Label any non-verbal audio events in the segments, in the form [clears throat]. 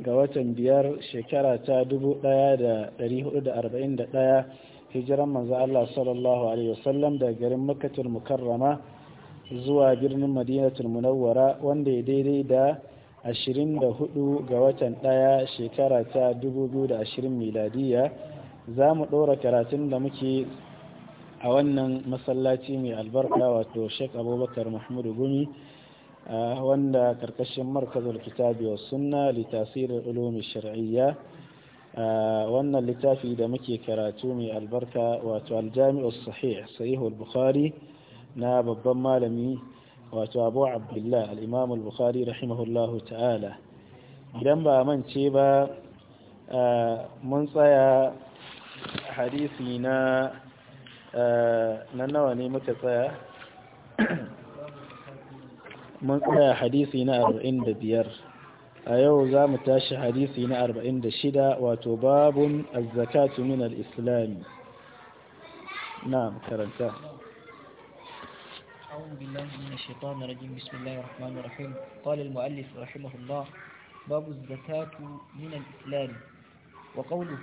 ga watan biyar shekara ta 1441 hijiran manzo Allah sallallahu alaihi wasallam daga garin makkatul mukarrama zuwa birnin madinatul munawwara wanda ya daidai da 24 ga watan ɗaya shekara ta 2020 miladiya za mu ɗora karatun da muke a wannan masallaci mai albarka wato sheik abubakar mahmudu gumi wanda karkashin markazul kitabi wa sunna litasirin ulumi shar'iyya wannan littafi da muke karatu mai albarka wato aljami'u sahih sahihul bukhari na babban malami wato abu abdullah al-imam al-bukhari rahimahullahu ta'ala idan ba mance ba mun tsaya hadisi na na nawa ne muka tsaya من tsaya hadisi na arba'in da biyar a yau za mu tashi hadisi na arba'in da shida أعوذ بالله من الشيطان الرجيم بسم الله الرحمن الرحيم قال المؤلف رحمه الله باب الزكاة من الإسلام وقوله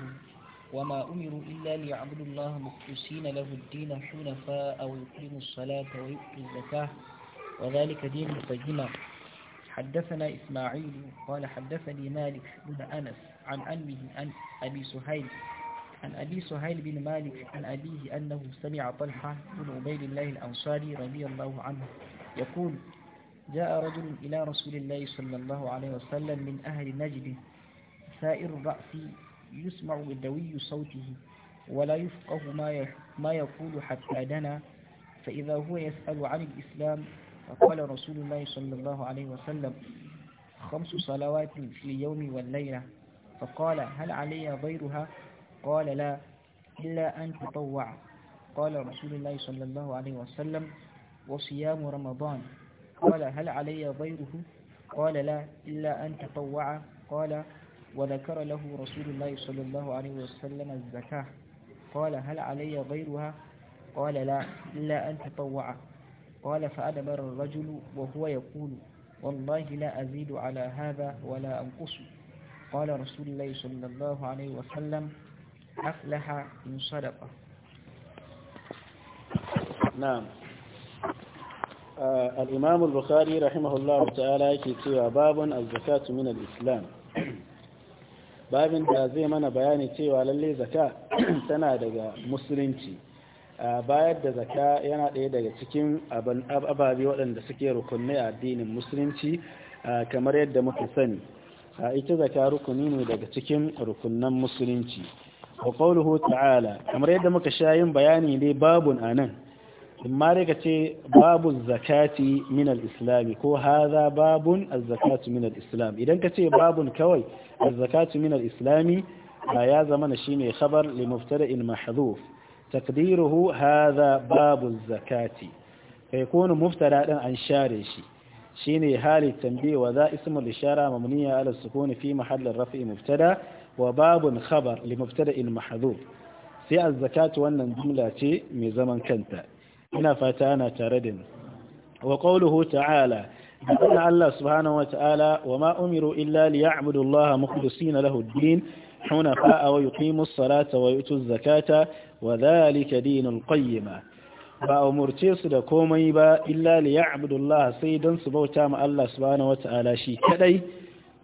وما أمروا إلا ليعبدوا الله مخلصين له الدين حنفاء ويقيموا الصلاة ويؤتوا الزكاة وذلك دين مسجمة حدثنا إسماعيل قال حدثني مالك بن أنس عن أمه عن أبي سهيل عن أبي سهيل بن مالك عن أبيه أنه سمع طلحة بن عبيد الله الأنصاري رضي الله عنه يقول جاء رجل إلى رسول الله صلى الله عليه وسلم من أهل نجد سائر الرأس يسمع بدوي صوته ولا يفقه ما ما يقول حتى دنا فإذا هو يسأل عن الإسلام فقال رسول الله صلى الله عليه وسلم خمس صلوات في اليوم والليلة فقال هل علي غيرها قال لا إلا أن تطوع قال رسول الله صلى الله عليه وسلم وصيام رمضان قال هل علي غيره قال لا إلا أن تطوع قال وذكر له رسول الله صلى الله عليه وسلم الزكاة قال هل علي غيرها قال لا إلا أن تطوع قال فأدبر الرجل وهو يقول والله لا أزيد على هذا ولا أنقص قال رسول الله صلى الله عليه وسلم أفلح إن صدق نعم آه الإمام البخاري رحمه الله تعالى كتوى باب الزكاة من الإسلام باب تازيمنا بياني تيوى للي زكاة lalle zaka مسلمتي bayar da zaka yana ɗaya daga cikin ababe waɗanda suke rukunni a addinin musulunci kamar yadda muka sani ita zaka rukuni ne daga cikin rukunnan musulunci wa qawluhu ta'ala kamar yadda muka sha yin bayani ne babun anan amma dai ka ce babun zakati min al-islam ko hadha babun az-zakatu min al-islam idan ka ce babun kawai az-zakatu min al-islam ya zama shine khabar li mubtada'in mahdhuf تقديره هذا باب الزكاة فيكون مفترى عن شارشي شيني هال التنبيه وذا اسم الإشارة مبنية على السكون في محل الرفع مبتدا وباب خبر لمبتدا محذوف في الزكاة وأن جملة من زمن كنت هنا فتانا ترد وقوله تعالى أن الله سبحانه وتعالى وما أمروا إلا ليعبدوا الله مخلصين له الدين حنفاء ويقيموا الصلاة ويؤتوا الزكاة wa zalika dinul qayyima ba umurce su da komai ba illa li ya'budullah sai dan su bauta ma Allah subhanahu wata'ala shi kadai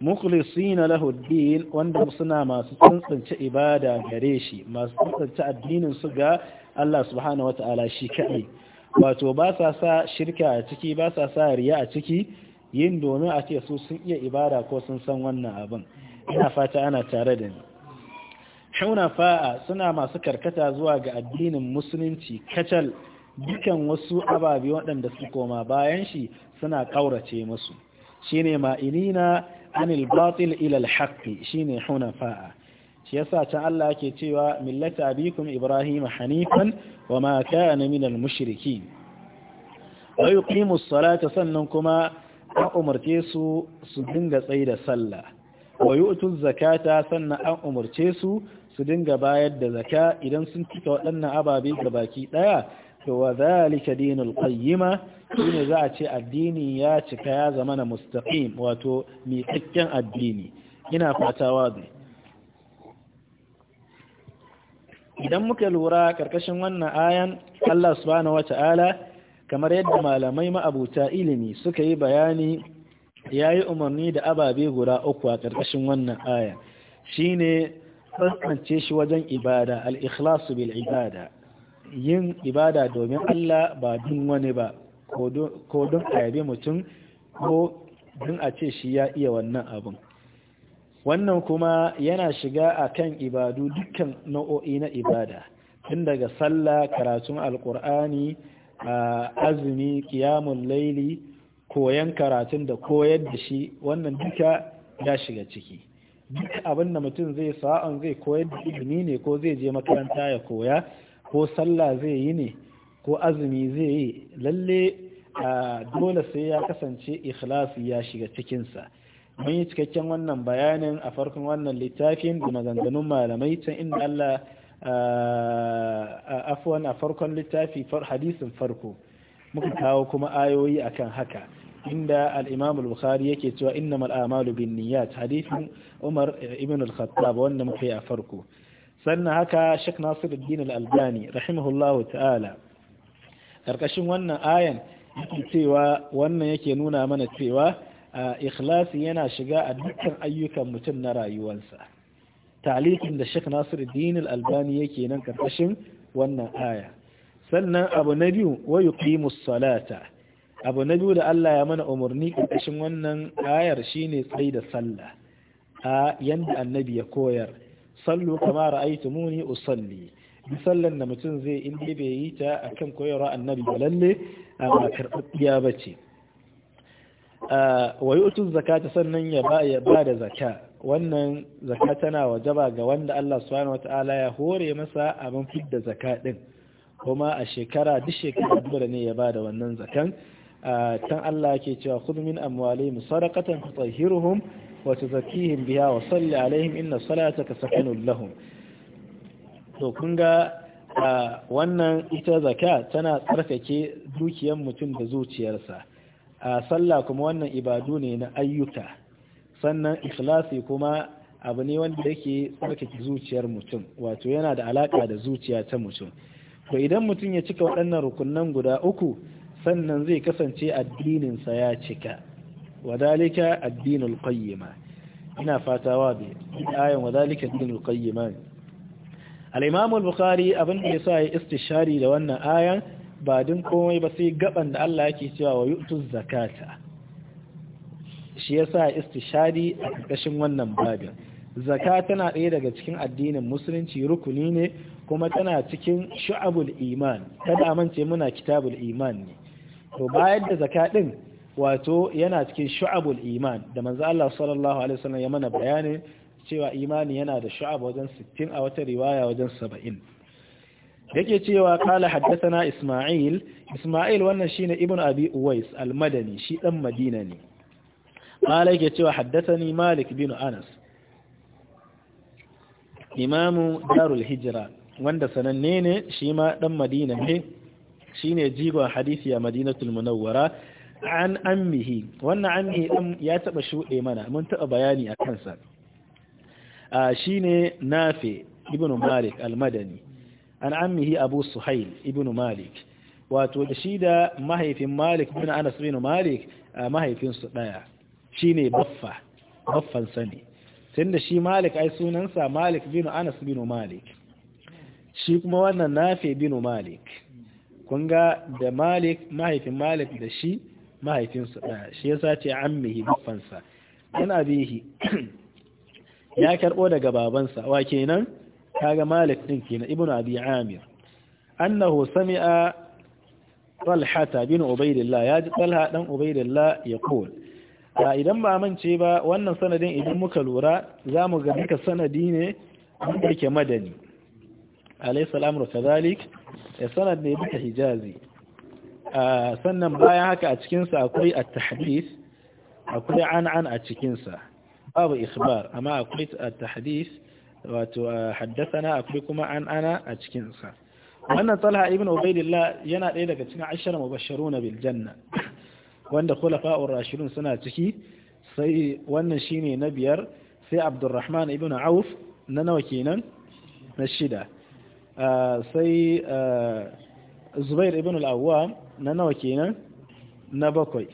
mukhlisina lahu ad-din wanda suna masu tsantsance ibada gare shi masu tsantsance addinin su ga Allah subhanahu wata'ala shi kadai wato ba sa sa shirka a ciki ba sa sa riya a ciki yin domin a ce su sun iya ibada ko sun san wannan abin ina fata ana tare da ni hunafa'a suna masu karkata zuwa ga addinin musulunci kacal dukan wasu ababe waɗanda su koma bayan shi suna ƙaurace musu shine ma'inina anil batil ila alhaqi shine hunafa'a shi yasa ta Allah ke cewa millata abikum ibrahim hanifan wa ma kana min almushrikin wa yuqimu as-salata sannan kuma an umarce su su dinga tsayi da sallah wa yu'tu az-zakata sannan an umarce su su dinga bayar da zaka idan sun cika waɗannan ababe ga baki ɗaya to wa zalika dinul qayyima shine za a ce addini ya cika ya zama na mustaqim wato miƙaƙƙen addini ina fata wazi idan muka lura karkashin wannan ayan Allah subhanahu wata'ala kamar yadda malamai ma'abuta ilimi suka yi bayani yayi umarni da ababe guda uku a karkashin wannan aya shine tsantsance shi wajen ibada al-ikhlasu bil ibada yin ibada domin Allah ba dun wani ba ko don a mutum ko don a ce shi ya iya wannan abin wannan kuma yana shiga a kan ibadu dukkan nau'o'i na ibada tun daga sallah karatun alkur'ani azumi ƙiyamun laili koyan karatun da koyar da shi wannan duka ya shiga ciki duk abin da mutum zai sa'an zai koyar da ilimi ne ko zai je makaranta ya koya ko sallah zai yi ne ko azumi zai yi lalle dole sai ya kasance ikhlas ya shiga cikinsa mun yi cikakken wannan bayanin a farkon wannan littafin da maganganun malamai can inda Allah afuwan a farkon littafi hadisin farko muka kawo kuma ayoyi akan haka inda al al-bukhari yake cewa innamal a'malu binniyat hadithin umar ibn al-khattab wanda muke a farko sannan haka Sheikh Nasiruddin Al-Albani rahimahullahu ta'ala karkashin wannan ayan cewa wannan yake nuna mana cewa ikhlasi yana shiga a dukkan ayyukan mutum na rayuwarsa ta'liqin da Sheikh Nasiruddin Al-Albani yake nan karkashin wannan aya sannan abu na biyu wa yuqimus salata abu na biyu da Allah ya mana umarni ƙarƙashin wannan ayar shine tsayi da sallah a yanda annabi ya koyar sallu kama ra'aytumuni usalli bi sallan da mutum zai inda bai yi ta akan koyarwa annabi ba lalle ba karɓaɓɓiya ba ce wa yu'tu zakata sannan ya ba ya da zaka wannan zaka tana wajaba ga wanda Allah subhanahu wata'ala ya hore masa abin fidda zaka ɗin, kuma a shekara duk shekara dole ne ya ba da wannan zakan Tan Allah ke cewa khudh min mu sadaqatan tutahhiruhum wa tuzakkihim biha wa salli alaihim inna salataka sakanun lahum to kun ga wannan ita zaka tana tsarkake dukiyar mutum da zuciyarsa a sallah kuma wannan ibadu ne na ayyuka sannan ikhlasi kuma abu ne wanda yake tsarkake zuciyar mutum wato yana da alaka da zuciya ta mutum to idan mutum ya cika waɗannan rukunnan guda uku sannan zai kasance addininsa ya cika wadalika addinul qayyima ina fatawa wa ayan wadalika addinul qayyima al-imam al-bukhari abin da yasa ya istishari da wannan ayan ba din komai ba sai gaban da Allah yake cewa wa yu'tu zakata shi yasa istishari a ƙarƙashin wannan babin zaka tana ɗaya daga cikin addinin musulunci rukuni ne kuma tana cikin shu'abul iman kada amince muna kitabul iman ne to bayar da zaka din wato yana cikin shu'abul iman da manzo Allah sallallahu alaihi wasallam ya mana bayani cewa imani yana da shu'ab wajen 60 a wata riwaya wajen 70 yake cewa kala haddathana Isma'il Isma'il wannan shine ibnu Abi Uwais al-Madani shi dan Madina ne qala yake cewa haddathani Malik bin Anas imamu darul hijra wanda sananne ne shi ma dan Madina ne shine jigon hadisi a madinatul munawwara an ammihi wannan ammihi din ya taba shuɗe mana mun taba bayani a kansa shine nafe ibn malik al-madani an ammihi abu suhail ibn malik wato da shi da mahaifin malik bin anas bin malik mahaifinsu ɗaya shine baffa baffan sani da shi malik ai sunansa malik bin anas bin malik shi kuma wannan nafe bin malik kun ga da malik mahaifin malik da shi mahaifinsa ɗaya shi yasa ce an mihi buffansa an abihi [clears throat] ya karɓo daga babansa wa kenan kaga malik ɗin kenan Ibn abi amir annahu sami'a talhata bin ubaidillah ya ji tsalha ɗan ubaidillah ya kowal a idan ba mance ba wannan sanadin idan muka lura za mu ga duka sanadi ne wanda yake madani alaysa al-amru kadhalik sanad ne duka hijazi sannan bayan haka a cikin sa akwai at-tahdith akwai an a cikin sa babu ikhbar amma akwai at-tahdith wato haddathana akwai kuma an a cikin sa wannan talha ibn ubaidillah yana ɗaya daga cikin ashirin mubashiruna bil janna wanda khulafa'ur rashidun suna ciki sai wannan shine na biyar sai abdurrahman ibn auf na nawa kenan na shida Eh, sai eh, zubair ibn al'awwa na nawa kenan na bakwai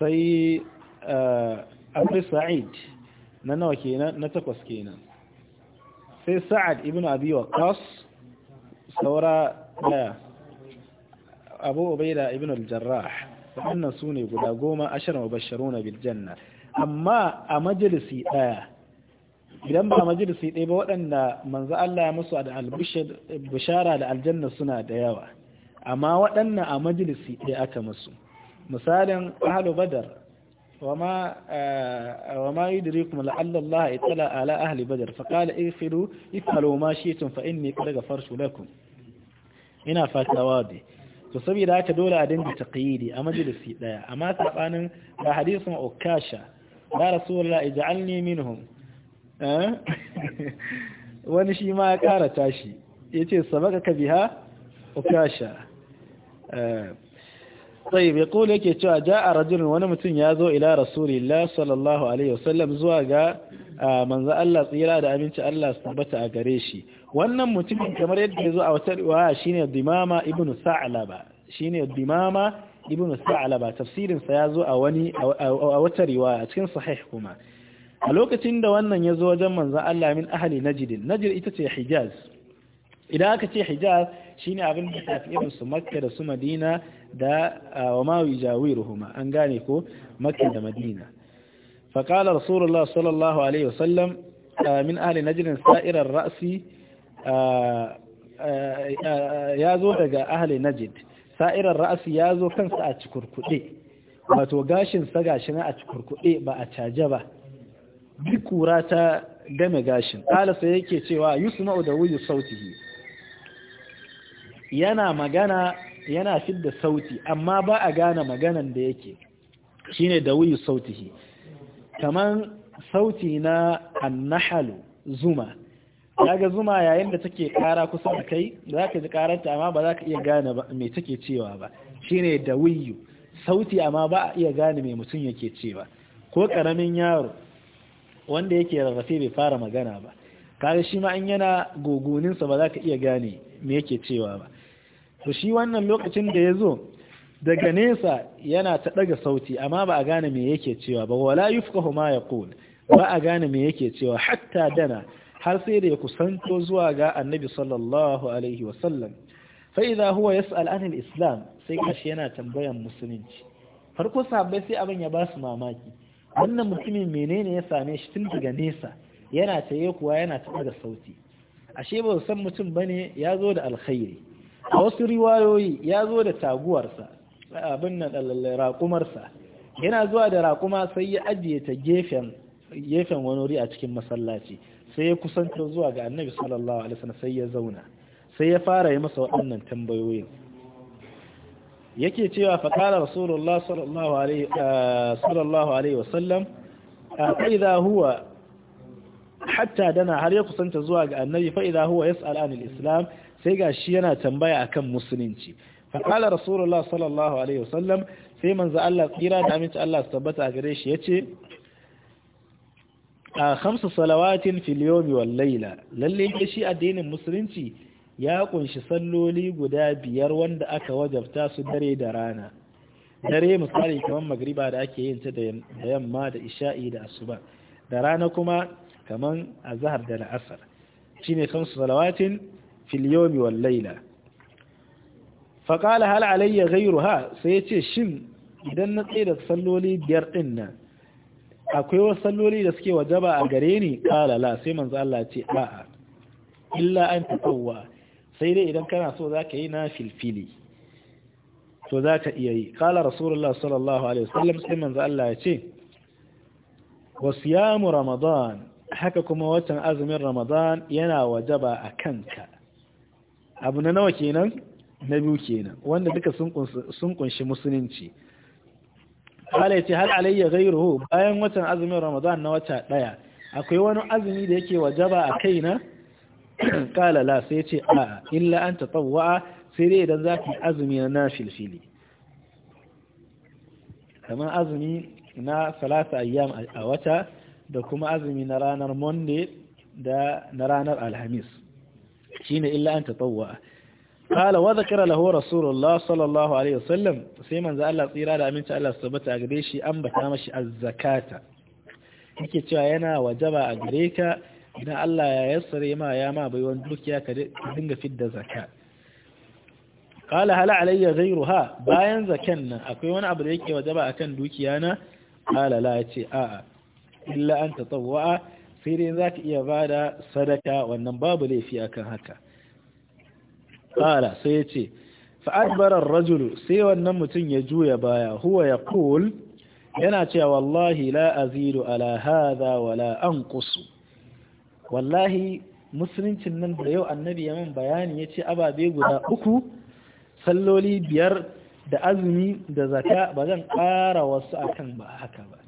sai eh, abu sa'id na nawa kenan na takwas kenan sai sa'ad ibn abi waqas saura daya abu ubaida ibn al-jarrah wannan sune guda goma ashar mubashsharuna bil janna amma a majalisi daya idan ba majalisi ɗaya ba waɗanda manzo Allah ya musu da bishara da aljanna suna da yawa amma waɗannan a majalisi ɗaya aka musu misalin ahlu badar wa وما آه وما يدريكم لعل ala ahli badar fa qala فقال اغفروا ma shi'tum fa inni qad ghafartu lakum ina fata to saboda haka dole a dinga taqiyidi a majalisi ɗaya amma sabanin da hadisin ukasha da rasulullahi ij'alni minhum Eh? [laughs] wani shi ma ya kara tashi ya ce sabaka ka biha ukasha eh. tsaye bai kula yake cewa ja a rajulun wani mutum ya zo ila rasulillah sallallahu alaihi wasallam zuwa ga manzan Allah tsira da aminci Allah su a gare shi wannan mutumin kamar yadda ya zo a wata shi shine dimama ibnu shi ne dimama ibn sa'alaba tafsirin ya zo a wani a wata riwaya cikin sahih kuma a lokacin da wannan ya zo wajen manzan Allah min ahali najidin najid ita ce hijaz idan aka ce hijaz shi ne abin da tafi irin su makka da su madina da wa ma ruhuma an gane ko makka da madina fa qala rasulullah sallallahu alaihi wasallam min ahli najd sa'irar ra'si ya zo daga ahli najid sa'irar ra'si ya zo kansa a cikurkude wato gashin sa gashi na a cikurkude ba a caje ba duk ta game gashin ƙalasa yake cewa yusma'u da wuyu sautihi yana magana yana fidda sauti amma ba a gane maganan da yake shine da wuyu sautihi kaman sauti na annahalu zuma daga zuma yayin da take kara kusa da kai za ka ji karanta amma ba za ka iya gane me take cewa ba shine da wuyu sauti amma ba a iya gane me mutum yake cewa ko karamin yaro wanda yake rarrafe bai fara magana ba Kare shi ma in yana gogoninsa ba za ka iya gane me yake cewa ba to shi wannan lokacin da ya zo daga nesa yana ta daga sauti amma ba a gane me yake cewa ba wala yufqahu ma yaqul ba a gane me yake cewa hatta dana har sai da ya kusanto zuwa ga annabi sallallahu alaihi sallam fa idza huwa yas'al al islam sai kashi yana tambayan musulunci farko sabai sai abin ya ba su mamaki wannan mutumin menene ya same shi tun daga nesa yana taye kuwa yana taɓa da sauti ashe ba su san mutum bane ya zo da alkhairi a wasu riwayoyi ya zo da taguwarsa abin nan raƙumarsa yana zuwa da raƙuma sai ya ajiye ta gefen gefen wani wuri a cikin masallaci sai ya kusanta zuwa ga annabi sallallahu alaihi wasallam sai ya zauna sai ya fara yi masa waɗannan tambayoyin yake cewa faƙalar rasulullah sallallahu alaihi ah, wasallam ah, fa'iza huwa hatta dana har ya kusanta zuwa ga annabi fa'iza huwa ya tsala islam sai ga shi yana tambaya akan musulunci faƙalar rasulullah sallallahu alaihi wasallam sai manza Allah tsira da aminci Allah su tabbata a gare shi ya ce a ah, hamsa salawatin filiyomi wallaila lalle shi addinin musulunci ya kunshi salloli guda biyar wanda aka wajabta su dare da rana dare misali kamar magriba da ake yin ta da yamma da isha'i da asuba da rana kuma kamar azhar da la'asar shine kamsu salawatin fil yawmi wal layla fa qala hal alayya ghayruha sai yace shin idan na tsaya da salloli biyar din nan akwai wasu salloli da suke wajaba a gare ni qala la sai manzo Allah ce a'a illa an tawwa sai dai idan kana so za ka yi na filfili to za ka iya yi kala rasulullah sallallahu alaihi wasallam sai manzo Allah ya ce wa siyamu ramadan haka kuma watan azumin ramadan yana wajaba a kanka abu na nawa kenan na biyu kenan wanda duka sun kunshi musulunci kala ya ce hal alayya ghayruhu bayan watan azumin ramadan na wata daya akwai wani azumi da yake wajaba a kaina [clears throat] kala la sai ce a illa an tatawwa sai dai idan yi azumi na nafilfili kamar azumi na salasa ayyam a wata da kuma azumi na ranar monday da na ranar alhamis shine illa an tatawwa kala wa zakara lahu rasulullah sallallahu alaihi wasallam sai manzo Allah tsira da aminci Allah subhanahu a gare shi an bata mashi az-zakata yake cewa yana wajaba a gare ka idan Allah ya yassare ma ya ma bai wani dukiya ka dinga fidda zakka qala hal alayya ghayruha bayan zakan nan akwai wani abu da yake wajaba akan dukiya na qala la yace a a illa an tatawwa sai dai zaka iya bada sadaka wannan babu laifi akan haka qala sai yace fa adbara ar-rajulu sai wannan mutun ya juya baya huwa yaqul yana cewa wallahi la azidu ala hadha wala anqusu wallahi musuluncin nan da yau annabi ya min bayani ya ce ababe guda uku salloli biyar da azumi da zaka ba zan ƙara wasu akan ba haka ba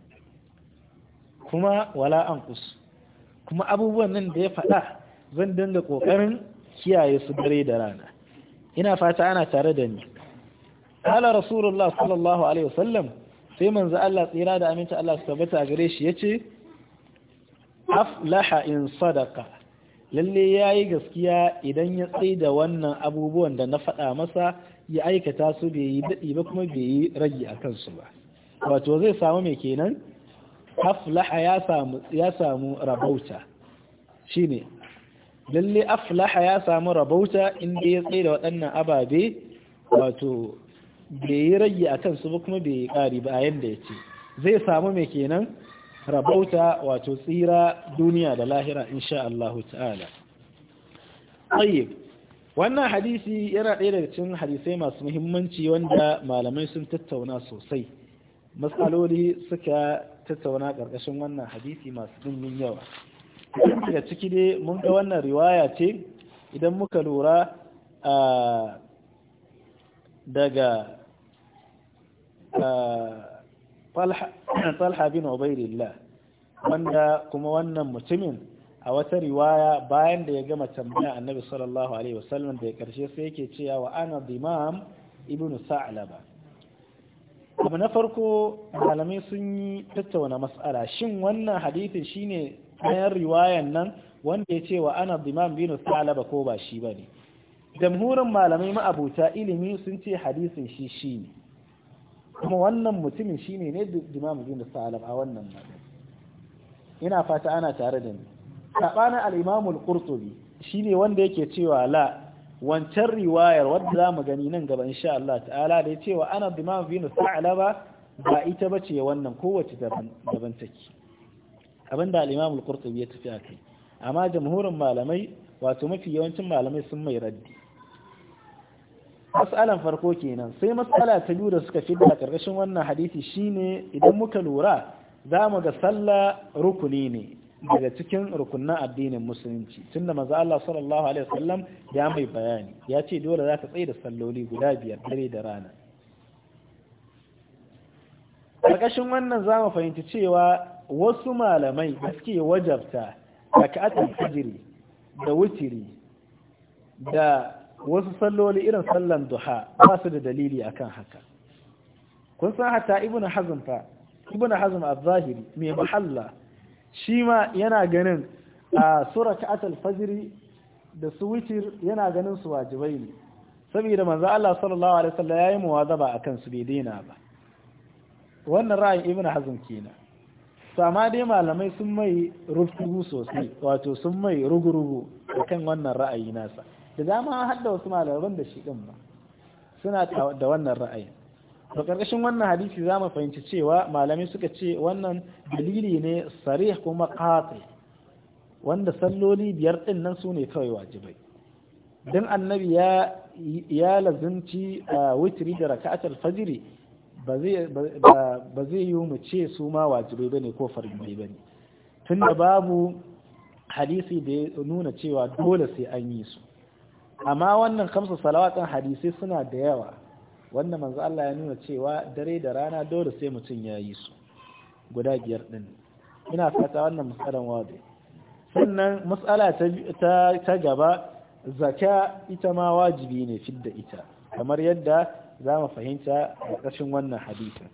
kuma wala an kusu kuma abubuwan nan da ya faɗa zan dinga ƙoƙarin kiyaye su dare da rana ina fata ana tare da ni ala rasulullah sallallahu alaihi wasallam sai manzo Allah tsira da aminta Allah su tabbata gare shi yace aflaha in sadaka lalle ya yi gaskiya idan ya tsaye da wannan abubuwan da na faɗa masa ya aikata su bai yi daɗi ba kuma bai yi ragi a kansu ba wato zai samu mai kenan aflaha ya samu rabauta ne lalle aflaha ya samu rabauta inda ya tsaye da waɗannan ababe wato bai yi ragi a kansu ba kuma bai yi ƙari ba a yadda ya ce zai samu mai kenan rabauta wato tsira duniya da lahira insha Allah ta'ala tayyib wannan hadisi yana ɗaya daga cikin hadisai masu muhimmanci wanda malamai sun tattauna sosai matsaloli suka tattauna ƙarƙashin wannan hadisi masu ɗumbin yawa daga ciki dai mun ga wannan riwaya ce idan muka lura daga [clears throat] talha bin ubairillah wanda kuma wannan mutumin a wata riwaya bayan da ya gama tambaya annabi sallallahu alaihi wasallam da ya karshe sai yake cewa wa ana imam ibnu sa'laba abu na farko malamai sun yi tattauna mas'ala shin wannan hadithin shine bayan riwayan nan wanda ya ce wa ana imam ibnu sa'laba ko ba shi bane jamhurin malamai ma ma'abuta ilimi sun ce hadisin shi shine kuma wannan mutumin shine ne mu Ibn Salam a wannan ina fata ana tare da ni sabana al-Imam al-Qurtubi shine wanda yake cewa la wancan riwayar wadda za mu gani nan gaba insha Allah ta'ala da ya cewa ana Imam Ibn Salam ba ita bace wannan kowace daban take abinda al-Imam al-Qurtubi ya tafi a kai. amma jamhurin malamai wato mafi yawancin malamai sun mai raddi mas'alan farko kenan sai mas'ala ta biyu da suka fi da ƙarƙashin wannan hadisi shine idan muka lura za mu ga sallah rukuni ne daga cikin rukunnan addinin musulunci tunda manzo Allah sallallahu alaihi wasallam ya mai bayani ya ce dole za ka tsaye da salloli guda biyar dare da rana karkashin wannan za mu fahimci cewa wasu malamai da suke wajabta raka'atul fajr da wutiri da wasu salloli irin sallan duha ba su da dalili akan haka kun san hata Ibn hazm fa Ibn hazm al zahiri mai mahalla shi ma yana ganin a surat al-fajr da su witir yana ganin su wajibai ne saboda manzo Allah sallallahu alaihi wasallam yayi muwazaba akan su bai daina ba wannan ra'ayin Ibn hazm kenan sama dai malamai sun mai rufu sosai wato sun mai rugurugu akan wannan ra'ayi nasa da dama an hadda wasu malaman da shi din ba suna da wannan ra'ayin to karkashin wannan hadisi zamu fahimci cewa malamai suka ce wannan dalili ne sarih kuma qati wanda salloli biyar din nan su ne kawai wajibai dan annabi ya ya lazimci witri da raka'atul fajiri ba zai yi mu ce su ma wajibai bane ko farillai bane tunda babu hadisi da ya nuna cewa dole sai an yi su amma wannan kamsa salawatin hadisai suna da yawa wanda manzo Allah ya nuna cewa dare da rana dole sai mutum ya yi su guda biyar din ina fata wannan musalan wadi sannan matsala ta ta gaba zaka ita ma wajibi ne fidda ita kamar yadda za mu fahimta a ƙarshen wannan hadisin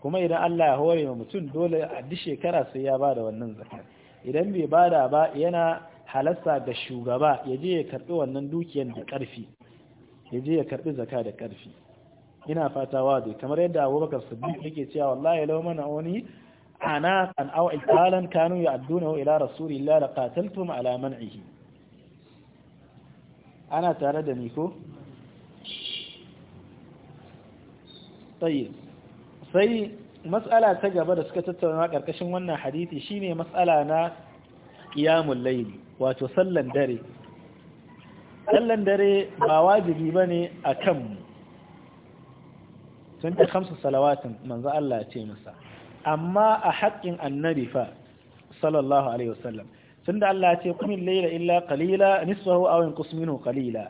kuma idan Allah ya hore ma mutum dole a duk shekara sai ya bada wannan zakka idan bai bada ba yana halasta ga shugaba ya je ya karbi wannan dukiyar da karfi ya je ya karbi zaka da karfi ina fata wadi kamar yadda Abubakar Siddiq yake cewa wallahi law mana wani ana an aw italan kanu ya'dunahu ila rasulillahi la qataltum ala man'ihi ana tare da ni ko tayyib sai mas'ala ta gaba da suka tattauna karkashin wannan hadisi shine mas'ala na qiyamul layli wato sallan dare sallan dare ba wajibi ba ne a kanmu sun ta kamsa salawatin manzo Allah ce masa amma a haƙƙin annabi fa sallallahu alaihi wasallam tun da Allah ce kumin laila illa qalila nisfahu aw yanqus minhu qalila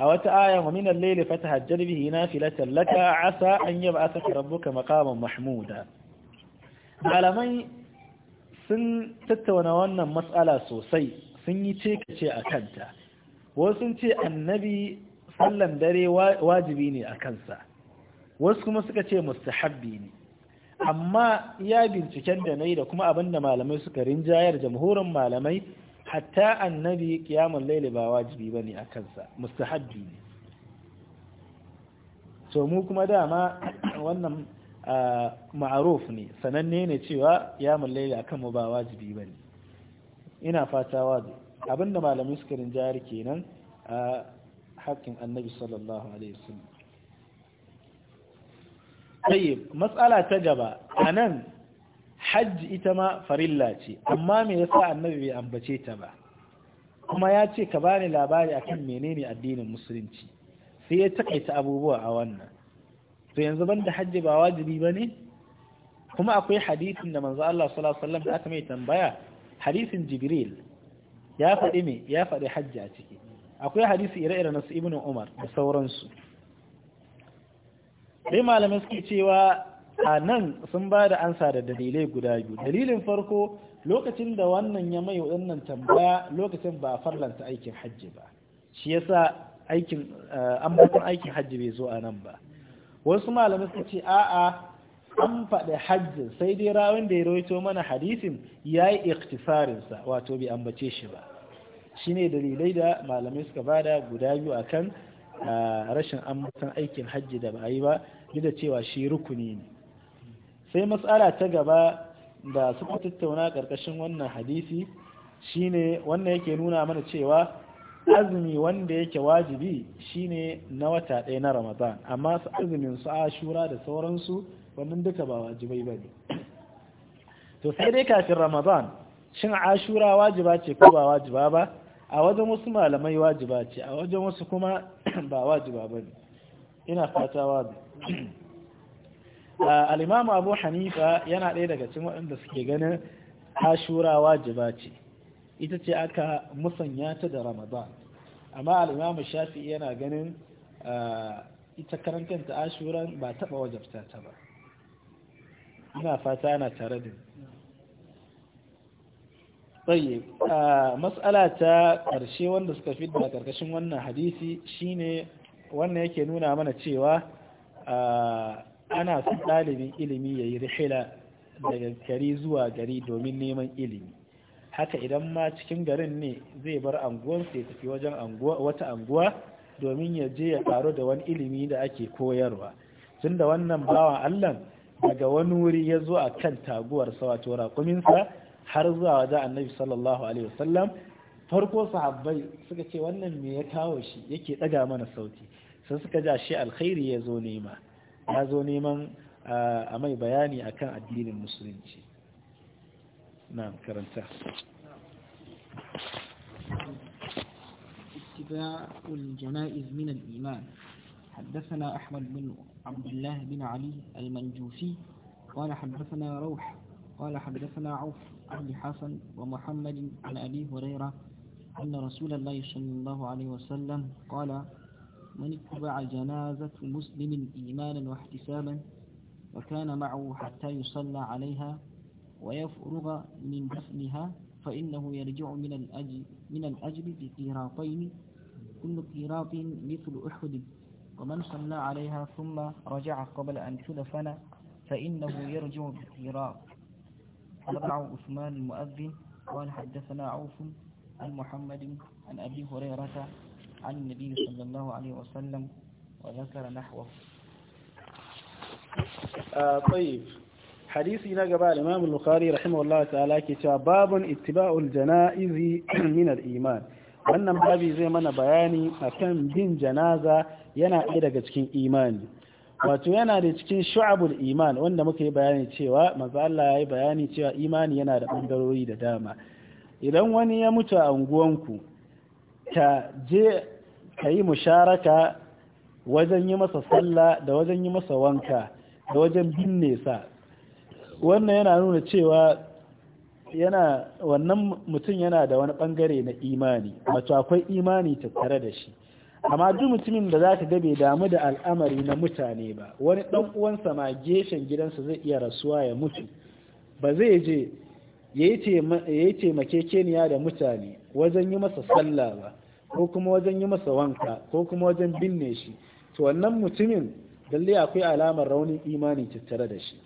a wata aya wa min al-layli fatahajjal bihi nafilatan laka asa an yab'athaka rabbuka maqaman mahmuda malamai sun tattauna wannan matsala sosai sun yi ce ka ce a kanta wasu sun ce annabi sallan dare wajibi ne a kansa wasu kuma suka ce mustahabbi ne amma ya binciken da na yi da kuma abin da malamai suka rinjayar jamhurin malamai hatta annabi kiyamun laili ba wajibi ba ne a kansa mustahabbi ne so mu kuma dama wannan ah, ma'aruf ne sananne ne cewa kiyamun laili a kanmu ba wajibi ba ne ina fata abinda malamai suka rinjayar kenan a haƙƙin annabi sallallahu alaihi wasallam tayyib matsala ta gaba anan hajji ita ma farilla ce amma me yasa annabi bai ambace ta ba kuma ya ce ka bani labari akan menene addinin musulunci sai ya takaita abubuwa a wannan to yanzu banda hajji ba wajibi bane kuma akwai hadisin da manzo Allah sallallahu alaihi wasallam da aka mai tambaya hadisin jibril ya faɗi me ya faɗi hajji a ciki akwai hadisi ire-ire na su ibnu umar da sauransu dai malamai suke cewa a nan sun ba da ansa da dalilai guda biyu dalilin farko lokacin da wannan ya mai wannan tambaya lokacin ba a farlanta aikin hajji ba shi yasa aikin eh, ambaton aikin hajji bai zo a nan ba wasu malamai suka ce a'a an faɗi hajjin sai dai rawin da ya rawaito mana hadisin ya yi iktisarinsa wato bai ambace shi ba shi ne dalilai da malamai suka bada guda biyu a kan rashin ambatan aikin hajji da ba a yi ba duk da cewa shi rukuni ne sai matsala ta gaba da suka tattauna ƙarƙashin wannan hadisi shine wannan yake nuna mana cewa azumi wanda yake wajibi shine na wata ɗaya na ramadan amma azumin su ashura da sauransu wannan duka ba wajibai ba ne to sai dai kafin ramadan shin ashura wajiba ce ko ba wajiba ba a wajen wasu malamai wajiba ce a wajen wasu kuma [clears throat] ba wajiba ba ne ina fata wazi al'imamu abu hanifa yana ɗaya daga cin waɗanda suke ganin ashura wajiba ce ita ce aka musanya ta da ramadan amma al'imamu shafi yana ganin ita karantanta ashuran ba taɓa wajabta ta ba ina fata ana tare da tsaye a matsala ta ƙarshe wanda suka fi da ƙarƙashin wannan hadisi shine wannan yake nuna mana cewa ana son ɗalibin ilimi ya yi rihila daga gari zuwa gari domin neman ilimi haka idan ma cikin garin ne zai bar anguwan sai tafi wajen wata anguwa domin ya je ya karo da wani ilimi da ake koyarwa tun da wannan bawan allah daga wani wuri ya zo a kan taguwarsa wato raƙuminsa har zuwa wajen annabi sallallahu alaihi wasallam farko sahabbai suka ce wannan me ya kawo shi yake ɗaga mana sauti sai suka ja shi alkhairi ya zo nema ya zo neman a mai bayani akan addinin musulunci na karanta اتباع الجنائز من الإيمان حدثنا أحمد بن عبد الله بن علي المنجوشي قال حدثنا روح قال حدثنا عوف بن حسن ومحمد عن أبي هريرة أن رسول الله صلى الله عليه وسلم قال من اتبع جنازة مسلم إيمانا واحتسابا وكان معه حتى يصلى عليها ويفرغ من دفنها فإنه يرجع من الأجر من الأجر بقيراطين كل قيراط مثل أحد ومن صلى عليها ثم رجع قبل أن تدفن فإنه يرجع باضطراب قال عثمان المؤذن قال حدثنا عوف عن محمد عن أبي هريرة عن النبي صلى الله عليه وسلم وذكر نحوه آه طيب حديثي نقبع الإمام البخاري رحمه الله تعالى كتاب باب اتباع الجنائز من الإيمان wannan babi zai mana bayani akan bin janaza yana ɗaya daga cikin imani wato yana da cikin shu'abul iman wanda muka yi bayani cewa manzo Allah ya yi bayani cewa imani yana da ɓangarori da dama idan wani ya mutu a unguwanku ka je ka yi musharaka wajen yi masa sallah da wajen yi masa wanka da wajen binne sa wannan yana nuna cewa yana wannan mutum yana da wani bangare na imani wato akwai imani tattare da shi amma duk mutumin da za ga bai damu da al'amari na mutane ba wani dan uwansa ma geshen gidansa zai iya rasuwa ya mutu ba zai je ya yayi taimakekeniya da mutane wajen yi masa sallah ba ko kuma wajen yi masa wanka ko kuma wajen binne shi to wannan mutumin dalle akwai alamar raunin imani tattare da shi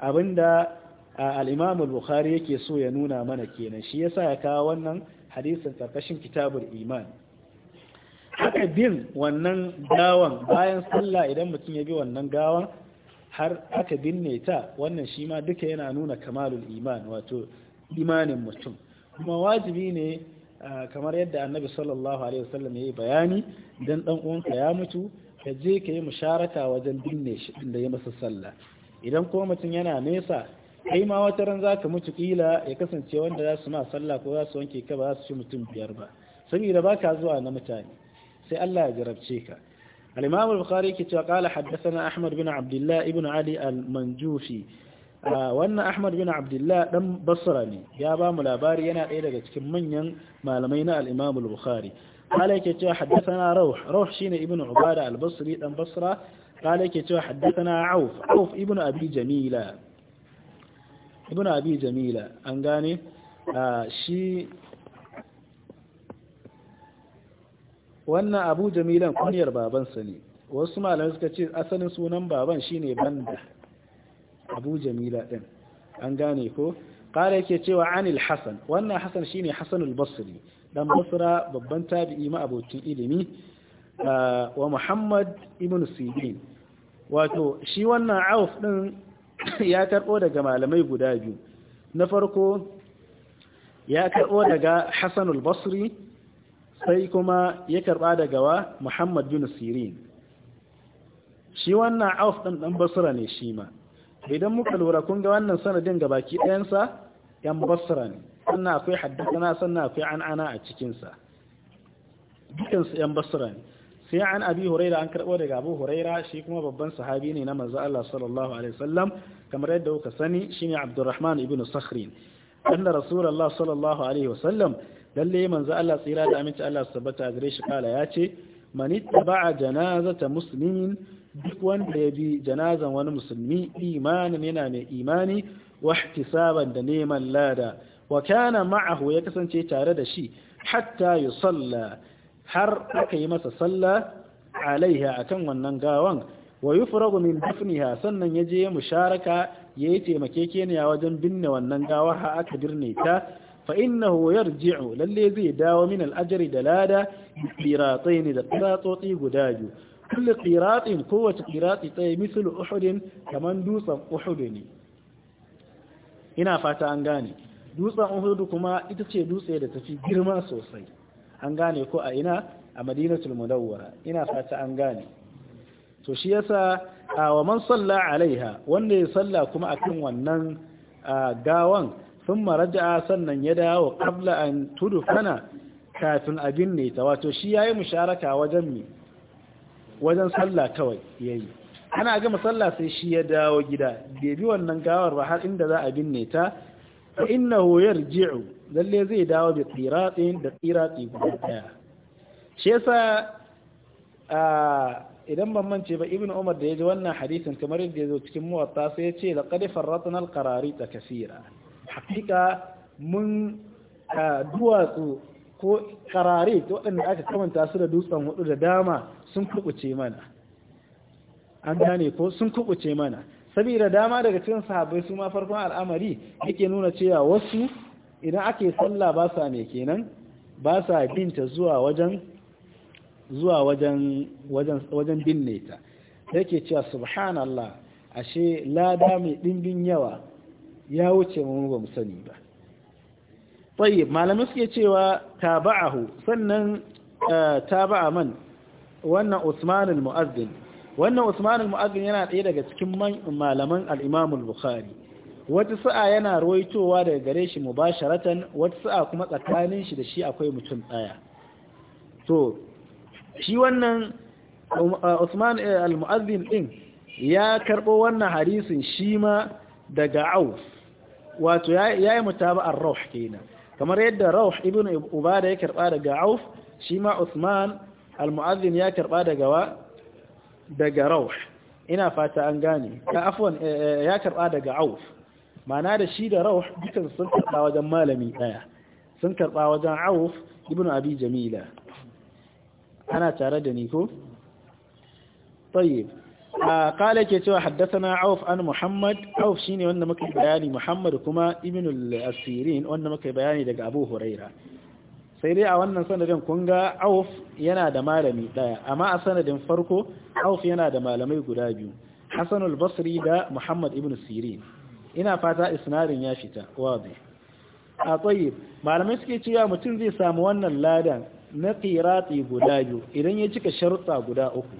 abinda al-imam al-bukhari yake so ya nuna mana kenan shi yasa ya kawo wannan hadisin karkashin kitabul iman haka bin wannan gawan bayan sallah idan mutum ya bi wannan gawan har aka binne ta wannan shi ma duka yana nuna kamalul iman wato imanin mutum kuma wajibi ne kamar yadda annabi sallallahu alaihi wasallam ya yi bayani dan dan uwanka ya mutu ka je ka yi musharaka wajen binne shi inda ya masa sallah idan kuma mutum yana nesa kai ma wata ran za ka mutu kila ya kasance wanda za su ma sallah ko za su wanke ka ba za su ci mutum biyar ba saboda ba ka zuwa na mutane sai Allah ya jarabce ka al-Imam al-Bukhari yake cewa qala haddathana Ahmad bin Abdullah ibn Ali al-Manjushi wannan Ahmad bin Abdullah dan Basra ne ya ba mu labari yana ɗaya daga cikin manyan malamai na al-Imam al-Bukhari qala yake cewa haddathana Rawh shine ibn Ubada al-Basri dan Basra qala yake cewa haddathana Auf Auf ibn Abi ibn abi jamila an gane shi wannan abu jamilan kunyar babansa ne wasu malamai suka ce asalin sunan baban shine banda abu jamila din an gane ko kare yake cewa anil hasan wannan hasan shine ne al-basri dan basra babban tabi'i ma abokin ilimi wa muhammad ibn sirin wato shi wannan auf din [coughs] ya karɓo daga malamai guda biyu na farko ya karɓo daga hassan al-basri sai kuma ya karɓa daga wa muhammad bin sirin shi wannan auf din dan basra ne shi ma idan muka lura kun ga wannan sanadin ga baki ɗayansa yan basra ne sannan akwai haddasa sannan akwai an'ana a cikinsa dukansu yan basra ne sai an abi huraira an karɓo daga abu huraira shi kuma babban sahabi ne na manzo Allah sallallahu alaihi wasallam kamar yadda kuka sani shine Abdurrahman ibn sakrin anna Rasulullah sallallahu alaihi wasallam lalle manzo Allah tsira da aminci Allah sabbata gare shi kala ya ce man ittaba'a janazata muslimin duk wanda ya bi janazan wani musulmi imanin yana mai imani wa ihtisaban da neman lada wa kana ma'ahu ya kasance tare da shi hatta yusalla har aka yi masa sallah alaiha akan wannan gawan wa furagu min dafniha sannan yaje ya musharaka yayi taimakekeniya wajen binne wannan gawar ha aka birne ta fa hoyar yarji'u lalle zai dawo min al-ajri da lada qiratain da qiratsoti guda biyu kullu qiratin kowace qirati tsaye mislu uhudin kaman dutsen uhud ina fata an gane dutsen uhud kuma ita ce dutse da tafi girma sosai an gane ko a ina a madinatul munawwara ina fata an gane to shi yasa wa man salla alaiha wanda ya salla kuma akan wannan gawan thumma raja'a sannan ya dawo qabla an tudfana kafin a binne ta wato shi yayi musharaka wajen mi wajen salla kawai yayi ana gama sallah sai shi ya dawo gida bai bi wannan gawar ba har inda za a binne ta fa innahu yarji'u lalle zai dawo da qiratin da qirati guda daya shi yasa a idan ban mance ba ibn umar da ya ji wannan hadisin kamar yadda ya zo cikin muwatta sai ya ce laqad farratna al-qararita kaseera hakika mun duwatsu ko qarare to waɗanda aka kamanta su da dutsen hudu da dama sun kubuce mana an gane ko sun kubuce mana saboda dama daga cikin sahabbai su ma farkon al'amari yake nuna cewa wasu idan ake sallah ba sa ne kenan ba sa binta zuwa wajen zuwa wajen wajen wajen binne ta yake cewa subhanallah ashe lada mai dimbin yawa ya wuce mu ba mu sani ba tayyib malamai suke cewa taba'ahu sannan eh, taba'a man wannan usmanul muazzin wannan Usman al-Mu'azzin yana ɗaya daga cikin malaman al-Imam al-Bukhari wata sa'a yana ruwaitowa daga gare shi mubasharatan wata sa'a kuma tsakanin shi da shi akwai mutum ɗaya to shi wannan uh, Usman eh, al-Mu'azzin din ya karɓo wannan hadisin shi ma daga Auf wato yayi mutaba'ar Rawh kenan kamar yadda Rawh ibn Ubada ya karba daga Auf shi ma Usman al-Mu'azzin ya karba daga wa daga rauh ina fata an gane ah, afwan eh, eh, ya karba daga auf mana da shi da rauh dukan sun karba wajen malami daya sun karba wajen auf ibnu abi jamila ana tare da ni ko طيب قال كيتو حدثنا عوف عن محمد عوف شيني وانا مكي بياني محمد كما ابن الأسيرين وانا مكي بياني دق أبو هريرة sai dai a wannan sanadin kun ga auf yana da malami ɗaya, amma a sanadin farko auf yana da malamai guda biyu hassan basri da muhammad ibn sirin ina fata isnadin ya fita wazi a tsaye malamai suke cewa mutum zai samu wannan ladan na qirati guda biyu idan ya cika sharuɗa guda uku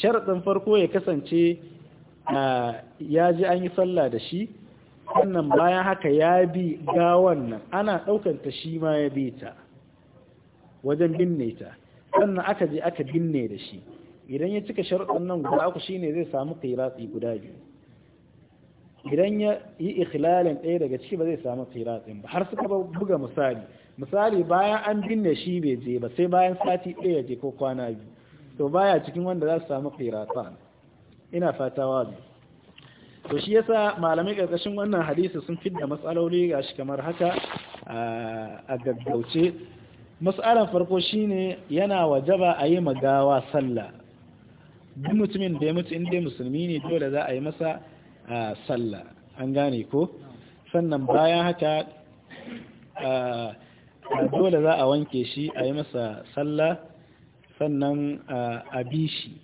sharuɗin farko ya kasance ya ji an yi sallah da shi wannan bayan haka ya bi gawan nan ana ɗaukanta shi ma ya bi ta wajen binne ta sannan aka je aka binne da shi idan ya cika sharuɗan nan guda uku shine zai samu qiratsi guda biyu idan ya yi ikhlalin ɗaya daga ciki ba zai samu qiratsin ba har suka buga misali misali bayan an binne shi bai je ba sai bayan sati ɗaya je ko kwana biyu to baya cikin wanda za su samu qiratsan ina fatawa ne. to shi yasa malamai karkashin wannan hadisi sun fidda matsaloli ga gashi kamar haka a gaggauce matsalan farko shine yana wajaba a yi magawa sallah duk mutumin da ya mutu inda musulmi ne dole za a yi masa sallah an gane ko sannan bayan haka dole za a wanke shi a yi masa sallah sannan a bi shi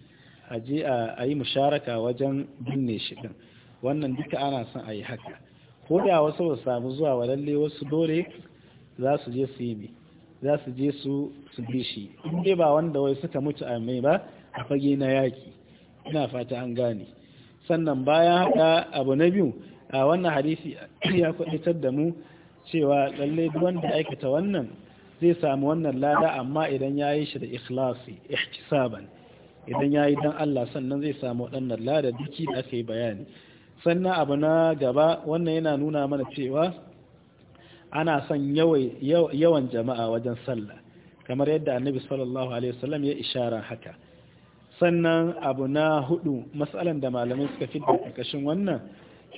a je yi musharaka wajen binne shi din wannan duka ana son a yi haka ko da wasu ba samu zuwa wa wasu dole za su je su yi za su je su su bi shi in dai ba wanda wai suka mutu a mai ba a fage na yaki ina fata an gane sannan bayan haka abu na biyu a wannan hadisi ya kwadatar da mu cewa lalle duk wanda aikata wannan zai samu wannan lada amma idan ya yi shi da ikhlasi ihtisaban idan ya yi dan Allah sannan zai samu waɗannan lada duki da aka yi bayani sannan abu na gaba wannan yana nuna mana cewa ana son yawan jama'a wajen sallah kamar yadda annabi sallallahu alaihi wasallam ya ishara haka sannan abu na hudu matsalan da malamai suka fi da kashin wannan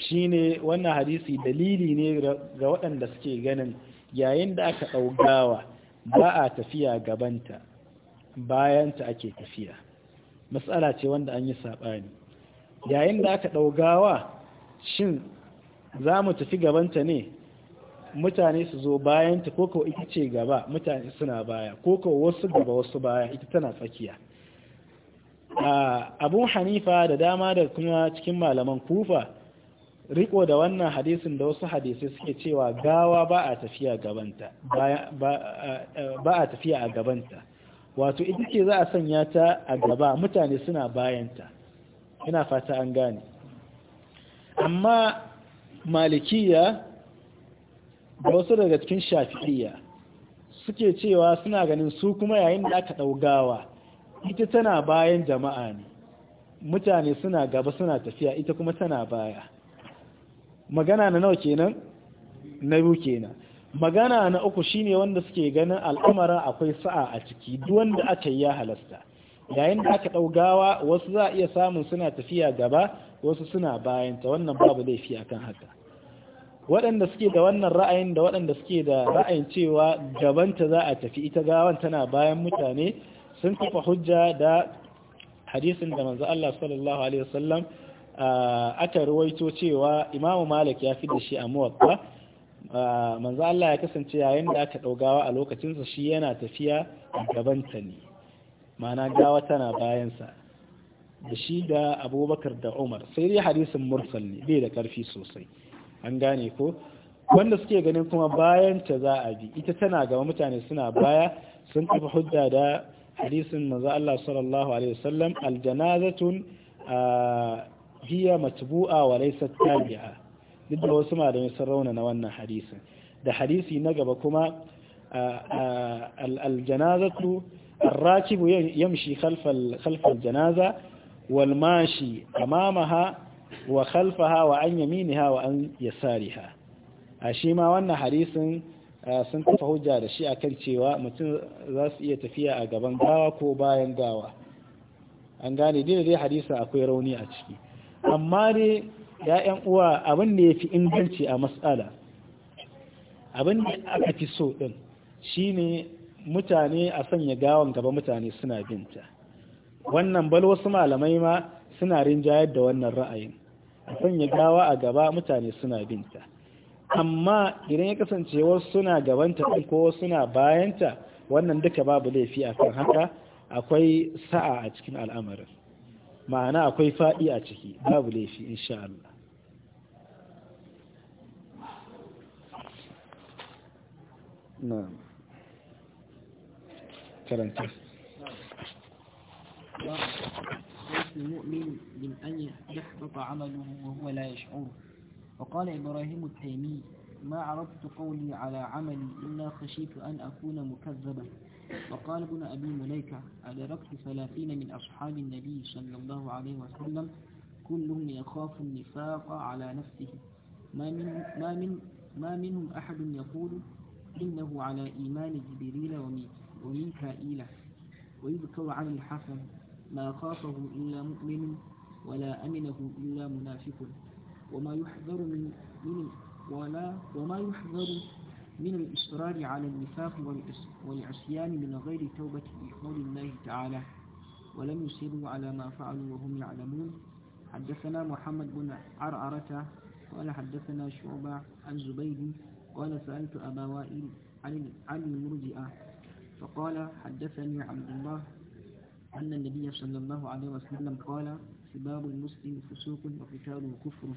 shine wannan hadisi dalili ne ga waɗanda suke ganin yayin da aka ɗaugawa ba a tafiya gabanta bayanta ake tafiya matsala ce wanda an yi saɓani yayin da aka ɗaugawa shin za mu tafi gabanta ne mutane su zo bayan ta ko kawai ita ce gaba mutane suna baya ko kawai wasu gaba wasu baya ita tana tsakiya abu hanifa da dama da kuma cikin malaman kufa riko da wannan hadisin da wasu hadisai suke cewa gawa ba a tafiya ba a tafiya a gabanta wato ita ce za a sanya ta a gaba mutane suna bayanta ina fata an gane amma malikiya da wasu daga cikin shafi'iyya suke cewa suna ganin su kuma yayin da aka ɗaugawa ita tana bayan jama'a ne mutane suna gaba suna tafiya ita kuma tana baya magana na nawa kenan na biyu kenan magana na uku shine wanda suke ganin al'amara akwai sa'a a ciki duk wanda aka yi ya halasta yayin da aka ɗaugawa wasu za a iya samun suna tafiya gaba wasu suna bayanta wannan babu laifi akan haka waɗanda suke da wannan ra'ayin da waɗanda suke da ra'ayin cewa gabanta za a tafi ita gawan tana bayan mutane sun kafa hujja da hadisin da manzo Allah sallallahu alaihi wasallam aka ruwaito cewa Imam Malik ya fi da shi a Muwatta manzo Allah ya kasance yayin da aka daugawa a lokacin sa shi yana tafiya gabanta ne ma'ana gawa tana bayan sa da shi da Abubakar da Umar sai dai hadisin mursal ne bai da karfi sosai an gane ko wanda suke ganin kuma bayan ta za a bi ita tana gaba mutane suna baya sun kafa hujja da hadisin manzo Allah sallallahu alaihi wasallam aljanazatun hiya matbu'a wa laysat tabi'a duk da wasu malamai sun rauna na wannan hadisin da hadisi na gaba kuma aljanazatu الراكب يمشي خلف janaza walmashi والماشي امامها wa khalfaha wa an yaminiha wa an yasariha a shi ma wannan hadisin sun kafa hujja da shi akan cewa mutum za su iya tafiya a gaban gawa ko bayan gawa an gane dai dai hadisin akwai rauni a ciki amma dai ya'yan uwa abin da ya fi inganci a matsala abin da aka fi so din shine mutane a sanya gawan gaba mutane suna binta wannan bal wasu malamai ma suna rinjayar da wannan ra'ayin a sanya gawa a gaba mutane suna binta amma idan ya kasance wasu suna gabanta ɗin ko suna bayanta wannan duka babu laifi a kan haka akwai sa'a a cikin al'amarin ma'ana akwai faɗi a ciki babu laifi insha Allah karanta وصف المؤمن من أن يحبط عمله وهو لا يشعر وقال إبراهيم التيمي ما عرضت قولي على عملي إلا خشيت أن أكون مكذبا وقال ابن أبي مليكة أدركت ثلاثين من أصحاب النبي صلى الله عليه وسلم كلهم يخاف النفاق على نفسه ما من ما من ما منهم أحد يقول إنه على إيمان جبريل وميكائيل ويذكر عن الحسن ما خافهم إلا مؤمن ولا أمنه إلا منافق وما يحذر من, من ولا وما يحذر من الإصرار على النفاق والعصيان من غير توبة بقول الله تعالى ولم يصروا على ما فعلوا وهم يعلمون حدثنا محمد بن عرعرة قال حدثنا شعبة عن زبيد قال سألت أبا وائل عن المرجئة فقال حدثني عبد الله أن النبي صلى الله عليه وسلم قال سباب المسلم فسوق وقتاله كفر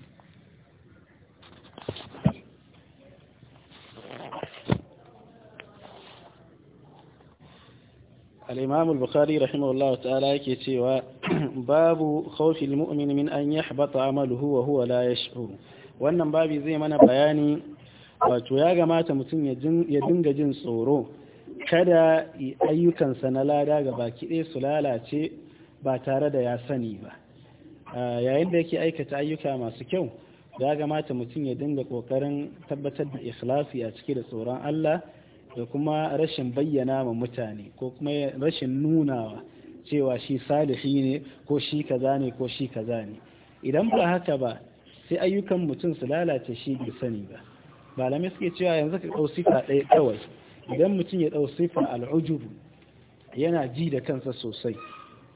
الإمام البخاري رحمه الله تعالى كتوى باب خوف المؤمن من أن يحبط عمله وهو لا يشعر wannan babi zai mana bayani wato ya gamata mutum ya dinga jin tsoro kada ayyukansa na lada ga baki ɗaya su lalace ba tare da ya sani ba yayin da yake aikata ayyuka masu kyau ya gamata mutum ya dinga ƙoƙarin tabbatar da ikhlasi a ciki da tsoron Allah da kuma rashin bayyana ma mutane ko kuma rashin nunawa cewa shi salihi ne ko shi kaza ne ko shi kaza ne idan ba haka ba sai ayyukan mutum su lalace shi bai sani ba malamai suke cewa yanzu ka ɗau sifa ɗaya kawai idan mutum ya ɗau sifa al'ujubu yana ji da kansa sosai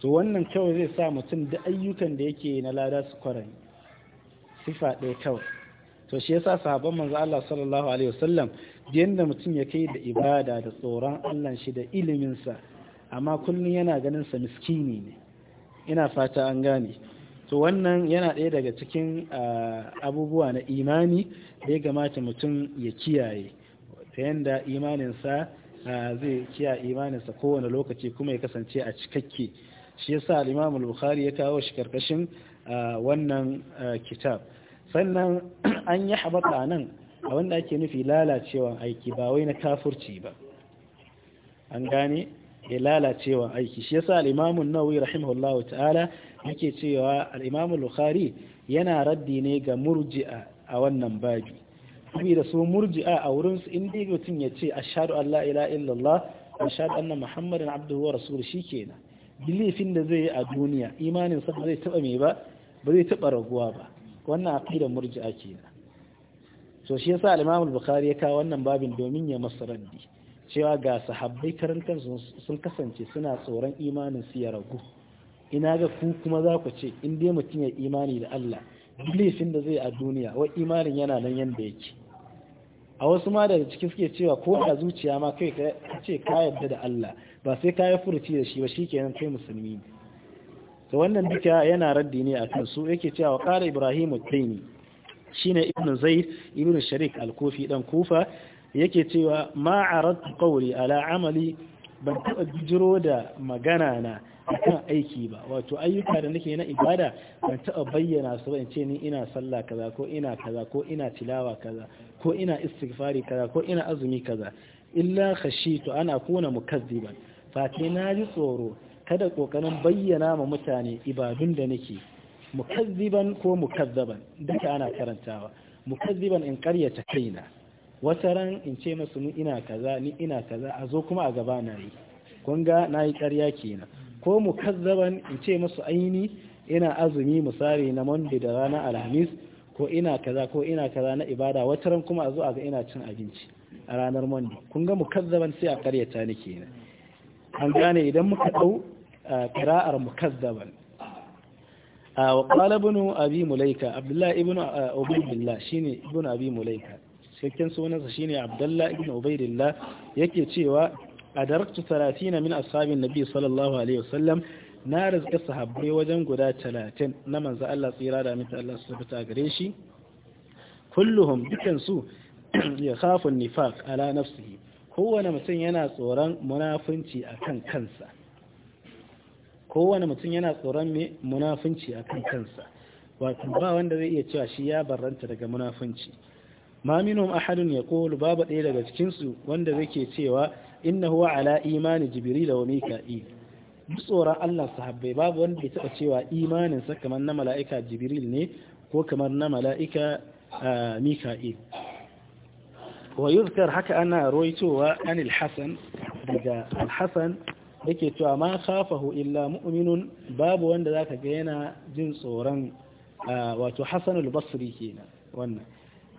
to wannan kawai zai sa mutum da ayyukan da yake na lada su kwarai sifa ɗaya kawai to shi yasa sahabban manzo Allah sallallahu alaihi wasallam yanda mutum ya kai da ibada da tsoron Allah shi da ilimin amma kullun yana ganin sa miskini ne ina fata an gane to wannan yana ɗaya daga cikin ah, abubuwa na imani da ya gamata mutum ya kiyaye ta yanda imaninsa zai kiya imaninsa kowane lokaci kuma ya kasance a cikakke shi yasa al-Imam al ya kawo shi karkashin wannan kitab sannan [clears throat] an yi a nan a wanda ake nufi lalacewa aiki ba wai na kafurci ba an gane ya eh, lalacewa aiki shi yasa al-Imam an-Nawawi rahimahullahu ta'ala yake cewa al-Imam yana raddi ne ga murji'a a wannan babi saboda su murji'a a wurin su in dai mutum ya ce a shaɗu Allah ila illallah annan anna muhammadan abduhu wa ke na bilifin da zai yi a duniya imanin sa zai taɓa mai ba ba zai taɓa raguwa ba wannan aqidar murji'a kenan to shi yasa al-imam al-bukhari ya kawo wannan babin domin ya masa raddi cewa ga sahabbai karantar sun kasance suna tsoron imanin su ya ragu ina ga ku kuma za ku ce in dai mutum ya imani da Allah laifin da zai a duniya wa imanin yana nan yadda yake a wasu ma daga ciki suke cewa ko da zuciya ma kai ka ce ka yadda da Allah ba sai ka yi furuci da shi ba shi kenan kai musulmi ne to wannan duka yana raddi ne kan su yake cewa qara ibrahim taini shine ibnu zaid ibnu sharik al-kufi dan kufa yake cewa ma aradtu qawli ala amali ban taba jiro da magana na akan aiki ba wato ayyuka da nake na ibada ban taɓa bayyana su ba in ce ni ina sallah kaza ko ina kaza ko ina tilawa kaza ko ina istighfari kaza ko ina azumi kaza illa khashitu ana kuna mukazziban fati na ji tsoro kada kokarin bayyana ma mutane ibadun da nake mukazziban ko mukazzaban duka ana karantawa mukazziban in karyata kaina wata ran in ce masu ni ina kaza ni ina kaza a zo kuma a gaba na yi kun na yi karya kenan ko mu kazzaban in ce musu aini ina azumi misali na mandi da ranar alhamis ko ina kaza ko ina kaza na ibada wata ran kuma a zo a ga ina cin abinci a ranar mande. kun ga mu kazzaban sai a karyata ni kenan an gane idan muka dau qira'ar kazzaban. wa qala ibn abi mulaika abdullahi ibn ubaydillah shine ibn abi mulaika cikakken sunansa shine abdullahi ibn ubaydillah yake cewa a darakta من أصحاب النبي صلى الله عليه وسلم na rizki sahabbai wajen guda talatin na manzo Allah tsira da mita Allah su fita gare shi kulluhum dukansu ya khafun nifaq ala nafsihi kowane mutum yana tsoron munafunci akan kansa kowane mutum yana tsoron me munafunci akan kansa wato ba wanda zai iya cewa shi ya barranta daga munafunci ma minhum ahadun yaqulu babu ɗaya daga cikin su wanda zake cewa innahu ala imani jibril wa mika'il duk Allah sahabbai babu wanda ya taba cewa imanin sa kamar na mala'ika jibril ne ko kamar na mala'ika mika'il wa yuzkar haka ana roitowa anil hasan daga al-hasan yake cewa ma khafahu illa mu'minun babu wanda zaka ga yana jin tsoron wato hasanul basri kenan wannan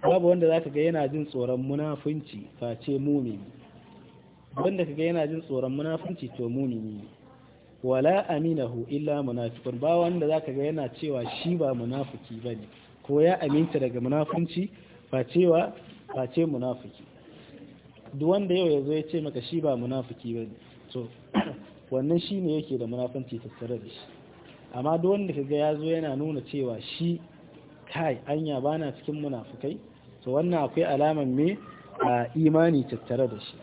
babu wanda za ka ga yana jin tsoron munafunci face mumini wanda ka ga yana jin tsoron munafunci to mumini wala aminahu illa munafiqun ba wanda za ka ga yana cewa shi ba munafiki bane ko ya aminta daga munafunci facewa face munafiki duk wanda yau yazo ya ce maka shi ba munafiki bane to [coughs] wannan shine yake da munafunci tattare da shi amma duk wanda ka ga yazo yana nuna cewa shi kai anya bana cikin munafukai so wannan akwai alaman me a imani tattare da shi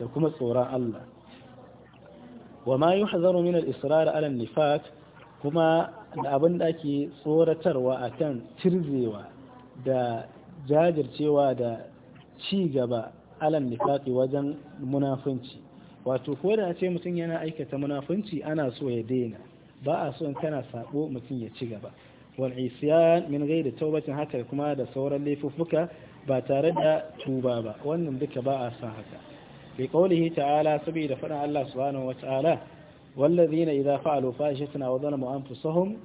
da kuma tsoron Allah wa ma yuhzaru min al-israr ala nifaq kuma da abin da ake tsoratarwa akan cirzewa da jajircewa da ci gaba ala nifaqi wajen munafunci wato ko da ce mutum yana aikata munafunci ana so ya daina ba a so in kana sabo mutum ya ci gaba wal isyan min ghairi tawbatin haka kuma da sauran laifuffuka ba tare da tuba ba wannan duka ba a san haka bi qawlihi ta'ala saboda faɗin Allah subhanahu wata'ala والذين إذا فعلوا فاحشة أو ظلموا أنفسهم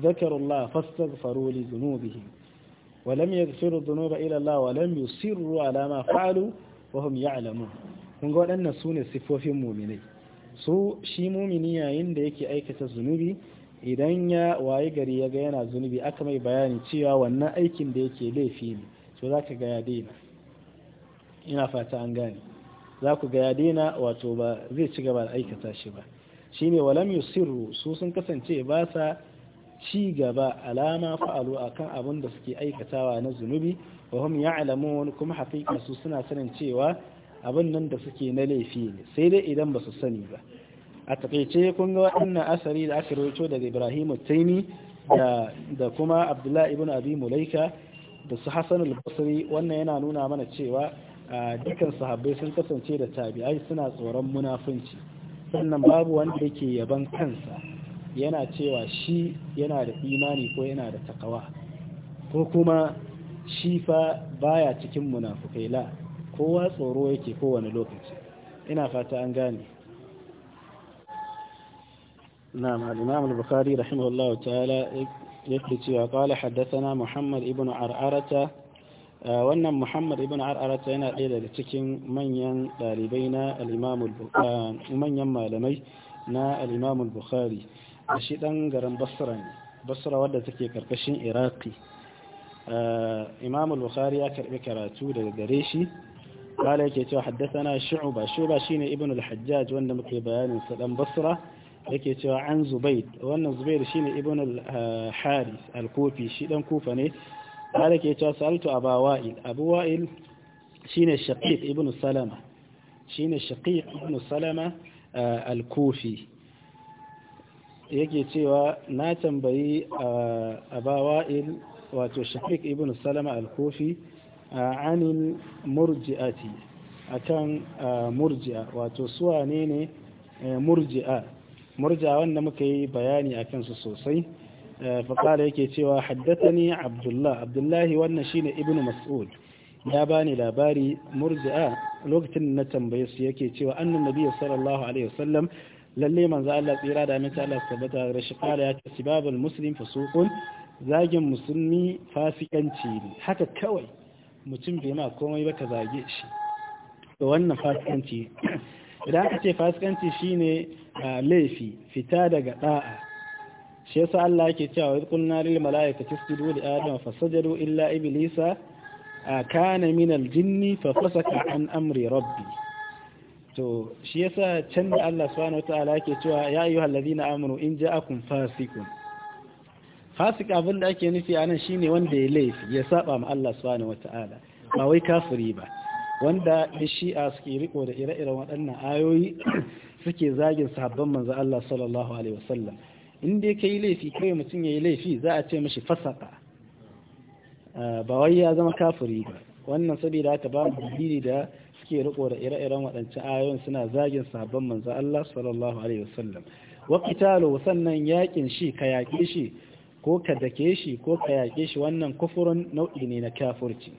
ذكروا الله فاستغفروا لذنوبهم ولم يغفروا الذنوب إلى الله ولم يصروا على ما فعلوا وهم يعلمون kun ga waɗannan su ne siffofin muminai su shi mumini yayin da yake aikata zunubi idan ya waye gari ya ga yana zunubi aka mai bayani cewa wannan aikin da yake laifi ne to za ka gaya ya daina ina fata an gane za ku ga ya daina wato ba zai ci gaba da aikata shi ba shi ne walam yusirru su sun kasance ba sa ci gaba alama fa'alu kan abin da suke aikatawa na zunubi wa hum wani kuma haƙiƙa su suna sanin cewa abin nan da suke na laifi ne sai dai idan ba su sani ba a takaice kun ga waɗannan asari da aka rawaito daga Ibrahim Taimi da kuma abdullah ibn Abi Mulaika da su Hassan al-Basri wannan yana nuna mana cewa dukkan sahabbai sun kasance da tabi'ai suna tsoron munafunci sannan babu wanda yake yaban kansa yana cewa shi yana da imani ko yana da takawa ko kuma shi fa baya cikin munafukai la kowa tsoro yake kowane lokaci ina fata an gane نعم الإمام البخاري رحمه الله تعالى يخرج وقال حدثنا محمد ابن عرارة آه، وأن محمد ابن عرارة أنا إلى التكين من ين لبينا الإمام البخاري آه، من لمي نا الإمام البخاري أشيد أن قرن بصرا بصرا ودى تكي كركشين إراقي آه، إمام البخاري أكر بكراتو لدريشي قال يكي حدثنا شعبة شعبة شين ابن الحجاج وأن مكي بيان سلام بصرا yake cewa an zubaid wannan shi shine ibn al-haris al-kufi shi dan kufa ne har yake cewa saltu aba wa'il abu wa'il shine shaqiq ibn salama ne shaqiq ibn salama uh, al-kufi yake cewa na tambayi uh, aba wa'il wato shaqiq ibn salama al-kufi uh, anil murji'ati akan murji'a wato suwane ne murji'a murja wanda muka yi bayani a kansu sosai eh, faƙala yake cewa haddatani abdullah abdullahi wannan shine ibnu mas'ud ya bani labari murji'a lokacin na tambaye su yake cewa annan nabiyyu sallallahu alaihi wasallam lalle manzo Allah tsira da aminta Allah tabbata da shi kala ya ce sibabul muslim fusuqun zagin musulmi fasikanci ne haka kawai mutum bai ma komai ba ka zage shi to wannan fasikanci idan aka ce fasikanci shine laifi fita daga da'a shi yasa Allah yake cewa idh qulna lil mala'ikati isjudu li adama fasajadu illa iblisa kana min al jinni fa fasaka an amri rabbi to shi yasa can da Allah subhanahu wataala yake cewa ya ayyuhal ladina amanu in ja'akum fasiqun fasik abin da ake nufi anan shine wanda ya laifi ya saba ma Allah subhanahu wataala ba wai kafiri ba wanda da shi'a suke riko da ire-iren waɗannan ayoyi [clears throat] suke zagin sahabban manzo Allah sallallahu alaihi wasallam in dai kai laifi kai mutum yayi laifi za a ce mishi fasaka ah, ba wai ya zama kafiri ba wannan saboda haka ba mu dalili da suke riko da ire-iren waɗancan ayoyin suna zagin sahabban manzo Allah sallallahu alaihi wasallam wa qitalu sannan yakin shi ka yaƙe shi ko ka dake shi ko ka yaƙe shi wannan kufurin nau'i ne na kafirci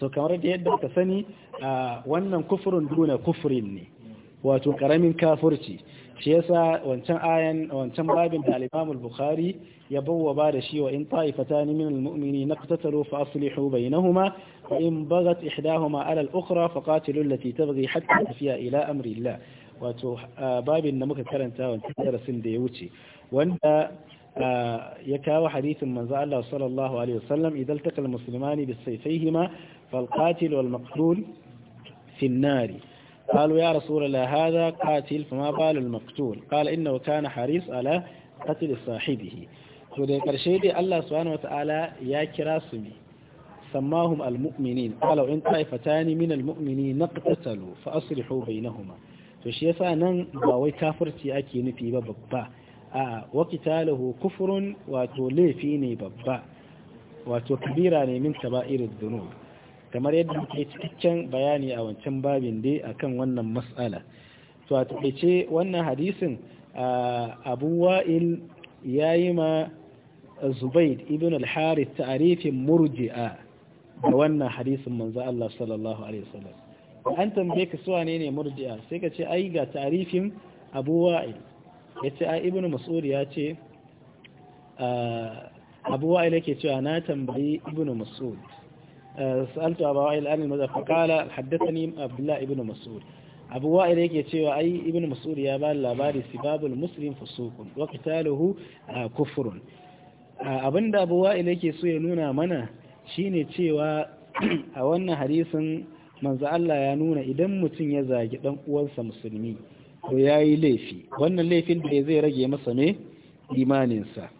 to kamar da yadda ka sani wannan kufurin duna kufurin ne wato karamin kafurci shi yasa wancan ayan wancan babin da al-Imam al-Bukhari ya ba da shi wa in ta'ifatani min al-mu'minina iqtatalu fa aslihu bainahuma wa in baghat ihdahuma ala al-ukhra fa qatilu allati tabghi hatta tafiya ila amri Allah wato babin da muka karanta wancan darasin da ya wuce wanda ya kawo hadisin manzo Allah sallallahu alaihi wasallam idan takal muslimani bisayfihima فالقاتل والمقتول في النار قالوا يا رسول الله هذا قاتل فما قال المقتول قال إنه كان حريص على قتل صاحبه فذلك الشيدي الله سبحانه وتعالى يا كراسمي سماهم المؤمنين قالوا إن طائفتان من المؤمنين نقتتلوا فأصلحوا بينهما فشيسا ننباوي كافرتي أكي نفي ببقبا وكتاله كفر وتولي فيني ببقبا وتكبيراني من كبائر الذنوب kamar yadda muke cikakken bayani a wancan babin dai akan wannan mas'ala to a taƙaice wannan hadisin abu wa'il ya yi ma zubaid ibn al-harith ta'arifin murji'a da wannan hadisin manzo Allah sallallahu alaihi wasallam an tambaye ka suwa ne ne murji'a sai ka ce ai ga ta'arifin abu wa'il yace ai ibn mas'ud ya ce abu wa'il yake cewa na tambayi ibn mas'ud سألت أبا وائل عن المذهب فقال حدثني عبد الله abu wa'ir yake cewa ai ibn mas'ud ya ba labari sibabul muslim fusukun wa qitaluhu kufrun abinda abu wa'ir yake so ya nuna mana shine cewa a wannan hadisin manzo Allah ya nuna idan mutum ya zagi dan uwansa musulmi to yayi laifi wannan laifin da ya zai rage masa ne imaninsa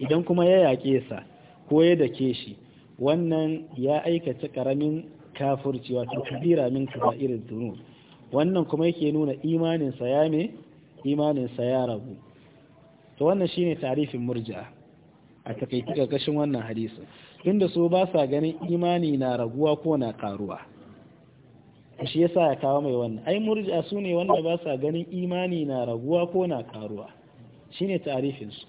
idan kuma ya yake sa ko ya dake shi wannan ya aikata karamin kafirci wato kabira min kaba'ir dhunub wannan kuma yake nuna imanin sa ya me imanin sa ya rabu to wannan shine tarifin murji'a a takaice karkashin wannan hadisin inda su ba sa ganin imani na raguwa ko na karuwa shi yasa ya kawo mai wannan ai murji'a su ne wanda ba sa ganin imani na raguwa ko na karuwa shine tarifin su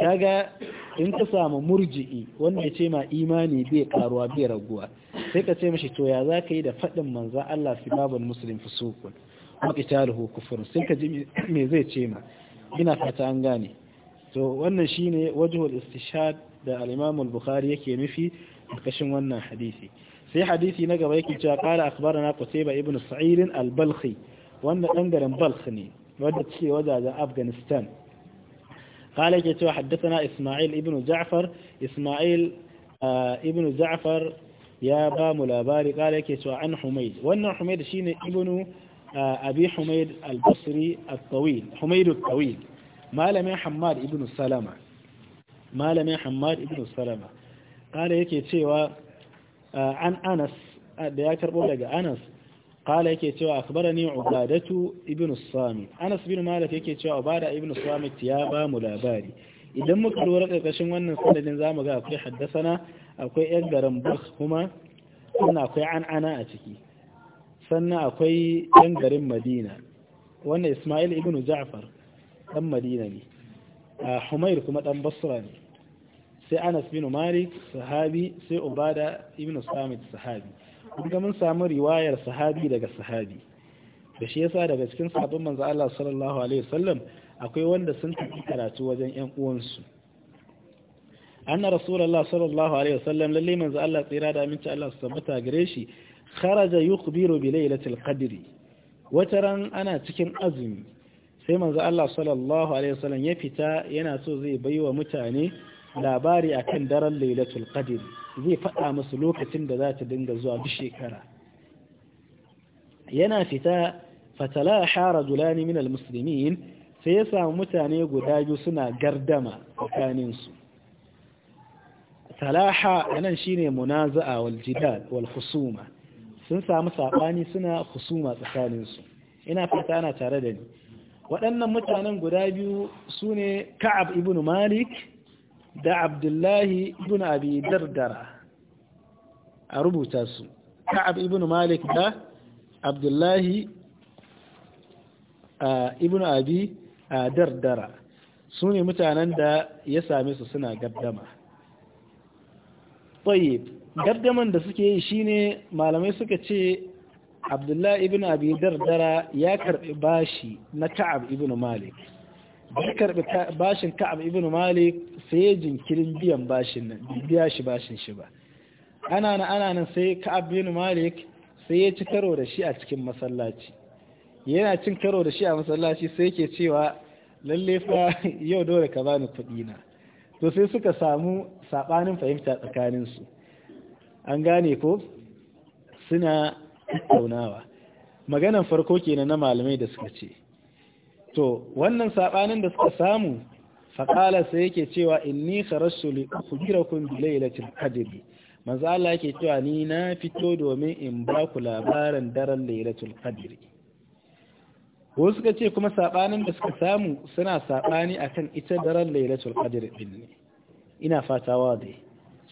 kaga in ka samu murji'i wanda ce ma imani bai karuwa bai raguwa sai ka ce mashi to ya za ka yi da faɗin manza Allah fi babul musulun fusukun maƙitaluhu kufurun sai ka ji me zai ce ma ina fata an gane to wannan shi ne wajhul istishad da al'imamul bukari bukhari yake nufi kashin wannan hadisi sai hadisi na gaba yake cewa qala na Qutayba ibn Sa'id al-Balkhi wannan dan garin Balkh ne wanda ce wajajen Afghanistan قال يجي حدثنا إسماعيل ابن جعفر إسماعيل ابن جعفر يا بام الأباري قال يجي عن حميد وأن حميد شين ابن آه أبي حميد البصري الطويل حميد الطويل ما لم حماد ابن السلامة ما لم حماد ابن السلامة قال يجي آه عن أنس da ya karbo daga Anas قال yake cewa akhbarani ubadatu ibn samit anas bin malik yake cewa ubada ibn samit ya bamu labari idan muka lura karkashin wannan sanadin zamu ga akwai haddasana akwai yan garan bus kuma sannan akwai an ana a ciki sannan akwai yan garin madina wannan isma'il ibn ja'far dan madina ne humair kuma dan basra ne sai anas bin sahabi sai Obada ibn samit sahabi kuma mun samu riwayar sahabi daga sahabi da shi yasa daga cikin sabon manzo Allah sallallahu alaihi wasallam akwai wanda sun tafi karatu wajen ƴan uwansu anna rasulullah sallallahu alaihi wasallam lalle manzo Allah tsira da aminci Allah su tabbata gare shi kharaja yukhbiru bi lailatul qadri wataran ana cikin azumi sai manzo Allah sallallahu alaihi wasallam ya fita yana so zai baiwa mutane labari akan daren lailatul qadr zai faɗa musu lokacin da za ta dinga zuwa duk shekara yana fita fatalaha dulani minal Musulmin, sai ya samu mutane guda biyu suna gardama tsakaninsu talaha anan shine munaza'a wal jidal wal khusuma sun samu sabani suna khusuma tsakaninsu ina fata ana tare da ni waɗannan mutanen guda biyu sune Ka'ab ibn Malik da abdullahi ibn abi dardara a rubuta su ka'ab ibn malik da abdullahi ibn abi dardara su ne mutanen da ya same su suna gaddama tayyib gaddaman da suke yi shine malamai suka ce abdullahi ibn abi dardara ya karɓi bashi na ka'ab ibn malik bai karbi bashin ka'ab ibn malik sai jinkirin biyan bashin nan biya shi bashin shi ba ana nan ana nan sai ka'ab ibn malik sai ya ci karo da shi a cikin masallaci yana cin karo da shi a masallaci sai yake cewa lalle fa yau dole ka bani kuɗi na to sai suka samu sabanin fahimta tsakanin su an gane ko suna tattaunawa maganan farko kenan na malamai da suka ce to wannan sabanin da suka samu faƙala sai yake cewa inni kharastu li ukhbirakum bi lailatul qadr manzo Allah yake cewa ni na fito domin in ba ku labarin daren lailatul qadr ko suka ce kuma sabanin da suka samu suna sabani akan ita daren lailatul qadr din ina fata wade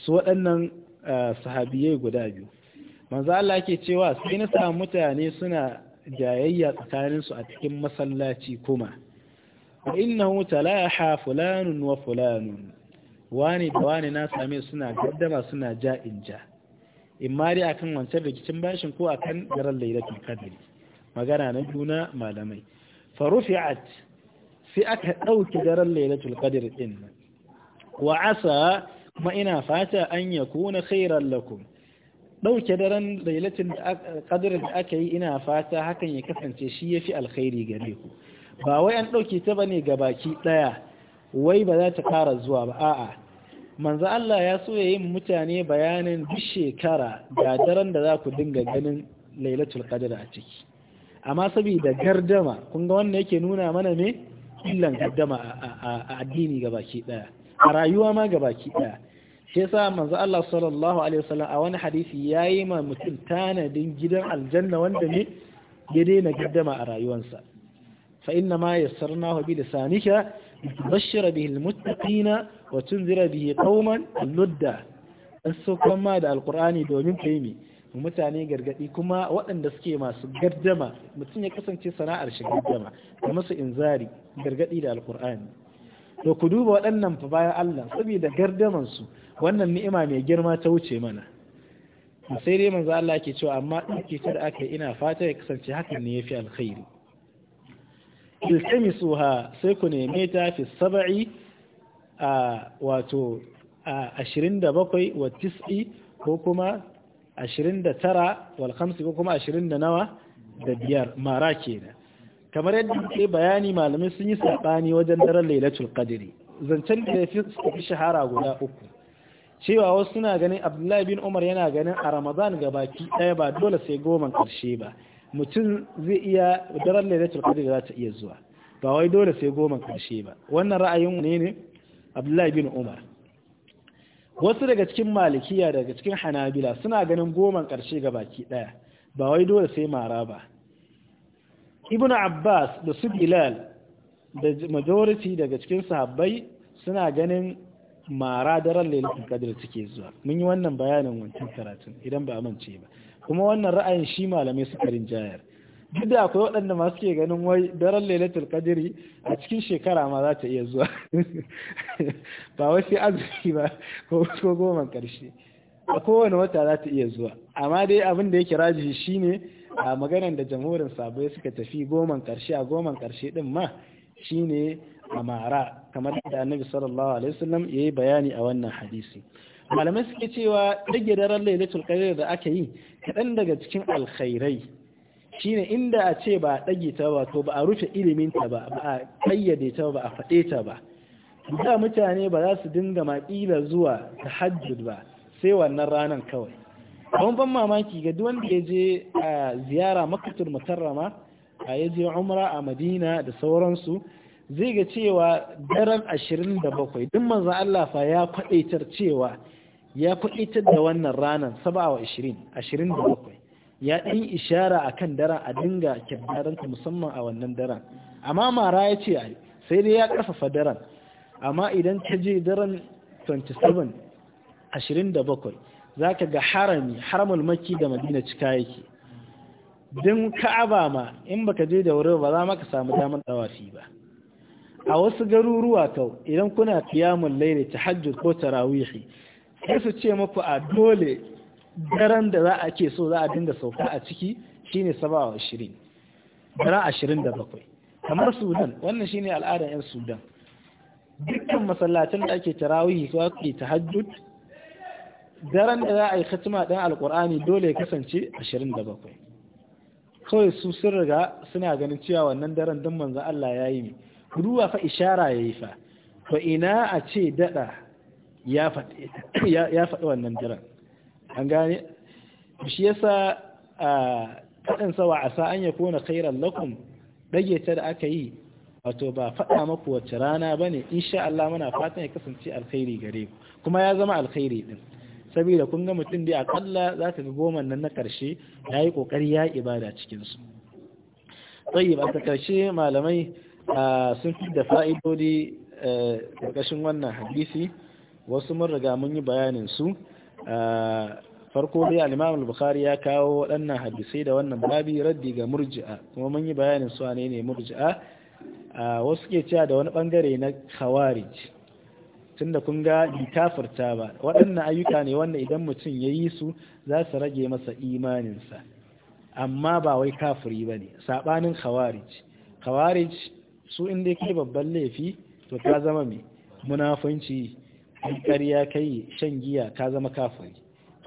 su waɗannan eh, sahabiyai guda biyu manzo Allah yake cewa sai na samu mutane suna jayayya tsakaninsu a cikin masallaci kuma wa innahu talaha fulanun wa fulanun wani da wani na same suna gaddama suna ja inja in ma dai akan wancan rikicin bashin ko akan garan lailatul qadri magana na juna malamai fa rufi'at sai aka dauki garan lailatul qadri din wa asa kuma ina fata an yakuna khairan lakum ɗauke daren lailatul qadr da aka yi ina fata hakan ya kasance shi yafi alkhairi gare ku ba wai an ɗauke ta bane ga baki ɗaya wai ba za ta ƙara zuwa ba a'a manzo Allah ya so ya yi mutane bayanin duk shekara da daren da za ku dinga ganin lailatul qadr a ciki amma saboda gardama kun ga wannan yake nuna mana ne illan gardama a addini ga baki ɗaya a rayuwa ma ga baki ɗaya shi yasa manzo Allah sallallahu alaihi wasallam a wani hadisi yayi ma mutum tanadin gidan aljanna wanda ne ya daina gaddama a rayuwarsa fa inna ma yassarnahu bi lisanika tubashshira bihi almuttaqina wa tunzira bihi qauman ludda asu kuma da alqur'ani domin kaimi mutane gargadi kuma waɗanda suke masu gaddama mutum ya kasance sana'ar shi gaddama kamar masu inzari gargadi da alqur'ani to ku duba waɗannan fa bayan Allah saboda gardaman su wannan ni'ima mai girma ta wuce mana sai dai manzo Allah yake cewa amma ɗauki ta da aka ina fata ya kasance hakan ne yafi alkhairi iltamisuha sai ku neme ta fi sab'i a wato a 27 wa 9 ko kuma 29 wal Kamsi ko kuma 29 da nawa da biyar mara kenan kamar yadda ke bayani malamai sun yi saɓani wajen daren lailatul qadri zancen da fi shahara guda uku cewa wasu suna ganin abdullahi bin umar yana ganin a ramadan ga baki ɗaya ba dole sai goman ƙarshe ba mutum zai iya daren lailatul qadri za ta iya zuwa ba wai dole sai goman ƙarshe ba wannan ra'ayin ne ne abdullahi bin umar wasu daga cikin malikiya daga cikin hanabila suna ganin goma ƙarshe ga baki ɗaya ba wai dole sai mara ba Ibnu abbas da su bilal da majority daga cikin sahabbai suna ganin mara daren lailatul qadr take zuwa mun yi wannan bayanin wancan karatun idan ba amince ba kuma wannan ra'ayin shi malamai suka rinjayar duk da akwai waɗanda masu ke ganin wai daren lailatul qadr a cikin shekara ma za ta iya zuwa [laughs] ba wai sai azumi ba ko goma karshe a kowane wata za ta iya zuwa amma dai abin da yake raji shine a maganar da jamhurin sabai suka tafi goman karshe a goman karshe din ma shine mara kamar da annabi sallallahu alaihi wasallam yayi bayani a wannan hadisi malamai suke cewa rage daren lailatul qadr da aka yi kaɗan daga cikin alkhairai shine inda a ce ba a ɗage ta ba to ba a rufe ilimin ta ba ba a kayyade ta ba a faɗe ta ba da mutane ba za su dinga maƙila zuwa tahajjud ba sai wannan ranar kawai Kuma ban mamaki ga duk wanda ya je a ziyara makatul mutarrama a ya je umra a madina da sauransu zai ga cewa daren 27 duk manzan Allah fa ya faɗaitar cewa ya faɗaitar da wannan ranar 27 27 ya ɗan ishara a kan daren a dinga kirdaranta musamman a wannan daren amma mara ya ce sai dai ya ƙarfafa daren amma idan ka je daren 27 27 ka ga harami haramul maki da madina cika yake din ka'aba ma in baka je da wuri ba za maka samu damar tsawafi ba a wasu garuruwa kau idan kuna kiyamun layli tahajjud ko tarawihi sai su ce muku a dole daren da za a ke so za a dinga sauka a ciki shine 27 daren 27 kamar Sudan wannan shine al'adar 'yan Sudan dukkan masallatan da ake tarawihi ko ake tahajjud daren da za a yi khatima ɗan alkur'ani dole ya kasance 27 kawai su sun riga suna ganin cewa wannan daren don manzan Allah ya yi ruwa fa ishara ya yi fa ba ina a ce daɗa ya faɗi wannan daren an gane shi yasa a sawa a sa'an ya kona khairan lakum ɗage ta da aka yi wato ba faɗa maku wacce rana ba ne insha Allah muna fatan ya kasance alkhairi gare ku kuma ya zama alkhairi ɗin saboda kun ga mutum dai akalla za ka ga goma nan na ƙarshe ya yi ƙoƙari ya ibada cikinsu tsayi ba ta ƙarshe malamai sun fi da fa'idodi ƙarƙashin wannan hadisi wasu mun riga mun yi bayanin su farko dai al bukhari ya kawo waɗannan hadisai da wannan babi raddi ga murji'a kuma mun yi bayanin su ne murji'a wasu ke cewa da wani ɓangare na khawarij tunda kun ga bai ta ba waɗannan ayyuka ne wanda idan mutum ya yi su za su rage masa imaninsa amma ba wai kafiri ba ne saɓanin khawarij khawarij su inda kai babban laifi to ka zama mai munafunci ƙarya kai shan giya ka zama kafiri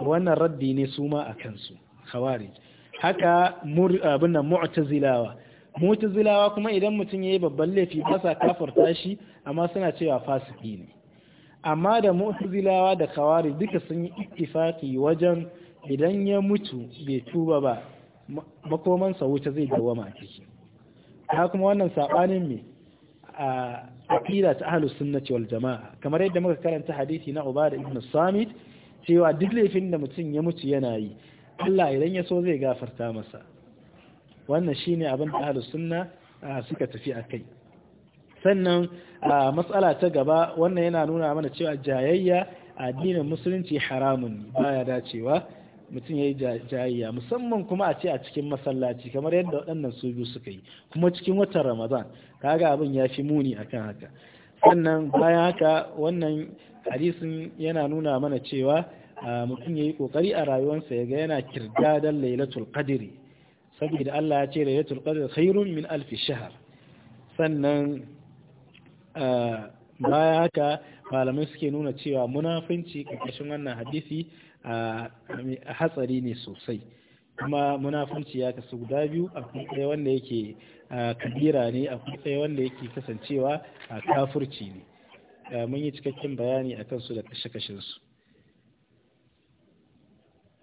wannan raddi ne su ma a kansu khawarij haka abin mu'tazilawa mu'tazilawa kuma idan mutum ya yi babban laifi ba sa kafarta shi amma suna cewa fasiki ne amma da mu'tazilawa da kawari duka sun yi ittifaqi wajen idan ya mutu bai tuba ba makomansa wuta zai dawama ciki ta kuma wannan sabanin me a aqida ta ahlus sunnati wal jamaa kamar yadda muka karanta hadisi na Ubada ibn Samit cewa duk laifin da mutum ya mutu yana yi Allah idan ya so zai gafarta masa wannan shine abin da ahlus sunna suka tafi a kai. sannan a matsala ta gaba wannan yana nuna mana cewa jayayya addinin musulunci haramun baya dacewa mutum ya yi jayayya musamman kuma a ce a cikin masallaci kamar yadda waɗannan su biyu suka yi kuma cikin watan ramadan kaga abin ya fi muni akan haka sannan bayan haka wannan hadisin yana nuna mana cewa mutum ya yi kokari a rayuwarsa ya ga yana kirgadar lailatul qadri saboda Allah ya ce lailatul qadri khairun min alfi shahr sannan baya haka malamai suke nuna cewa munafinci ƙarƙashin wannan hadisi a hatsari ne sosai kuma munafinci ya kasu guda biyu a tsaye wanda yake kabira ne a tsaye wanda yake kasancewa a kafurci ne mun yi cikakken bayani a kansu da kashe-kashensu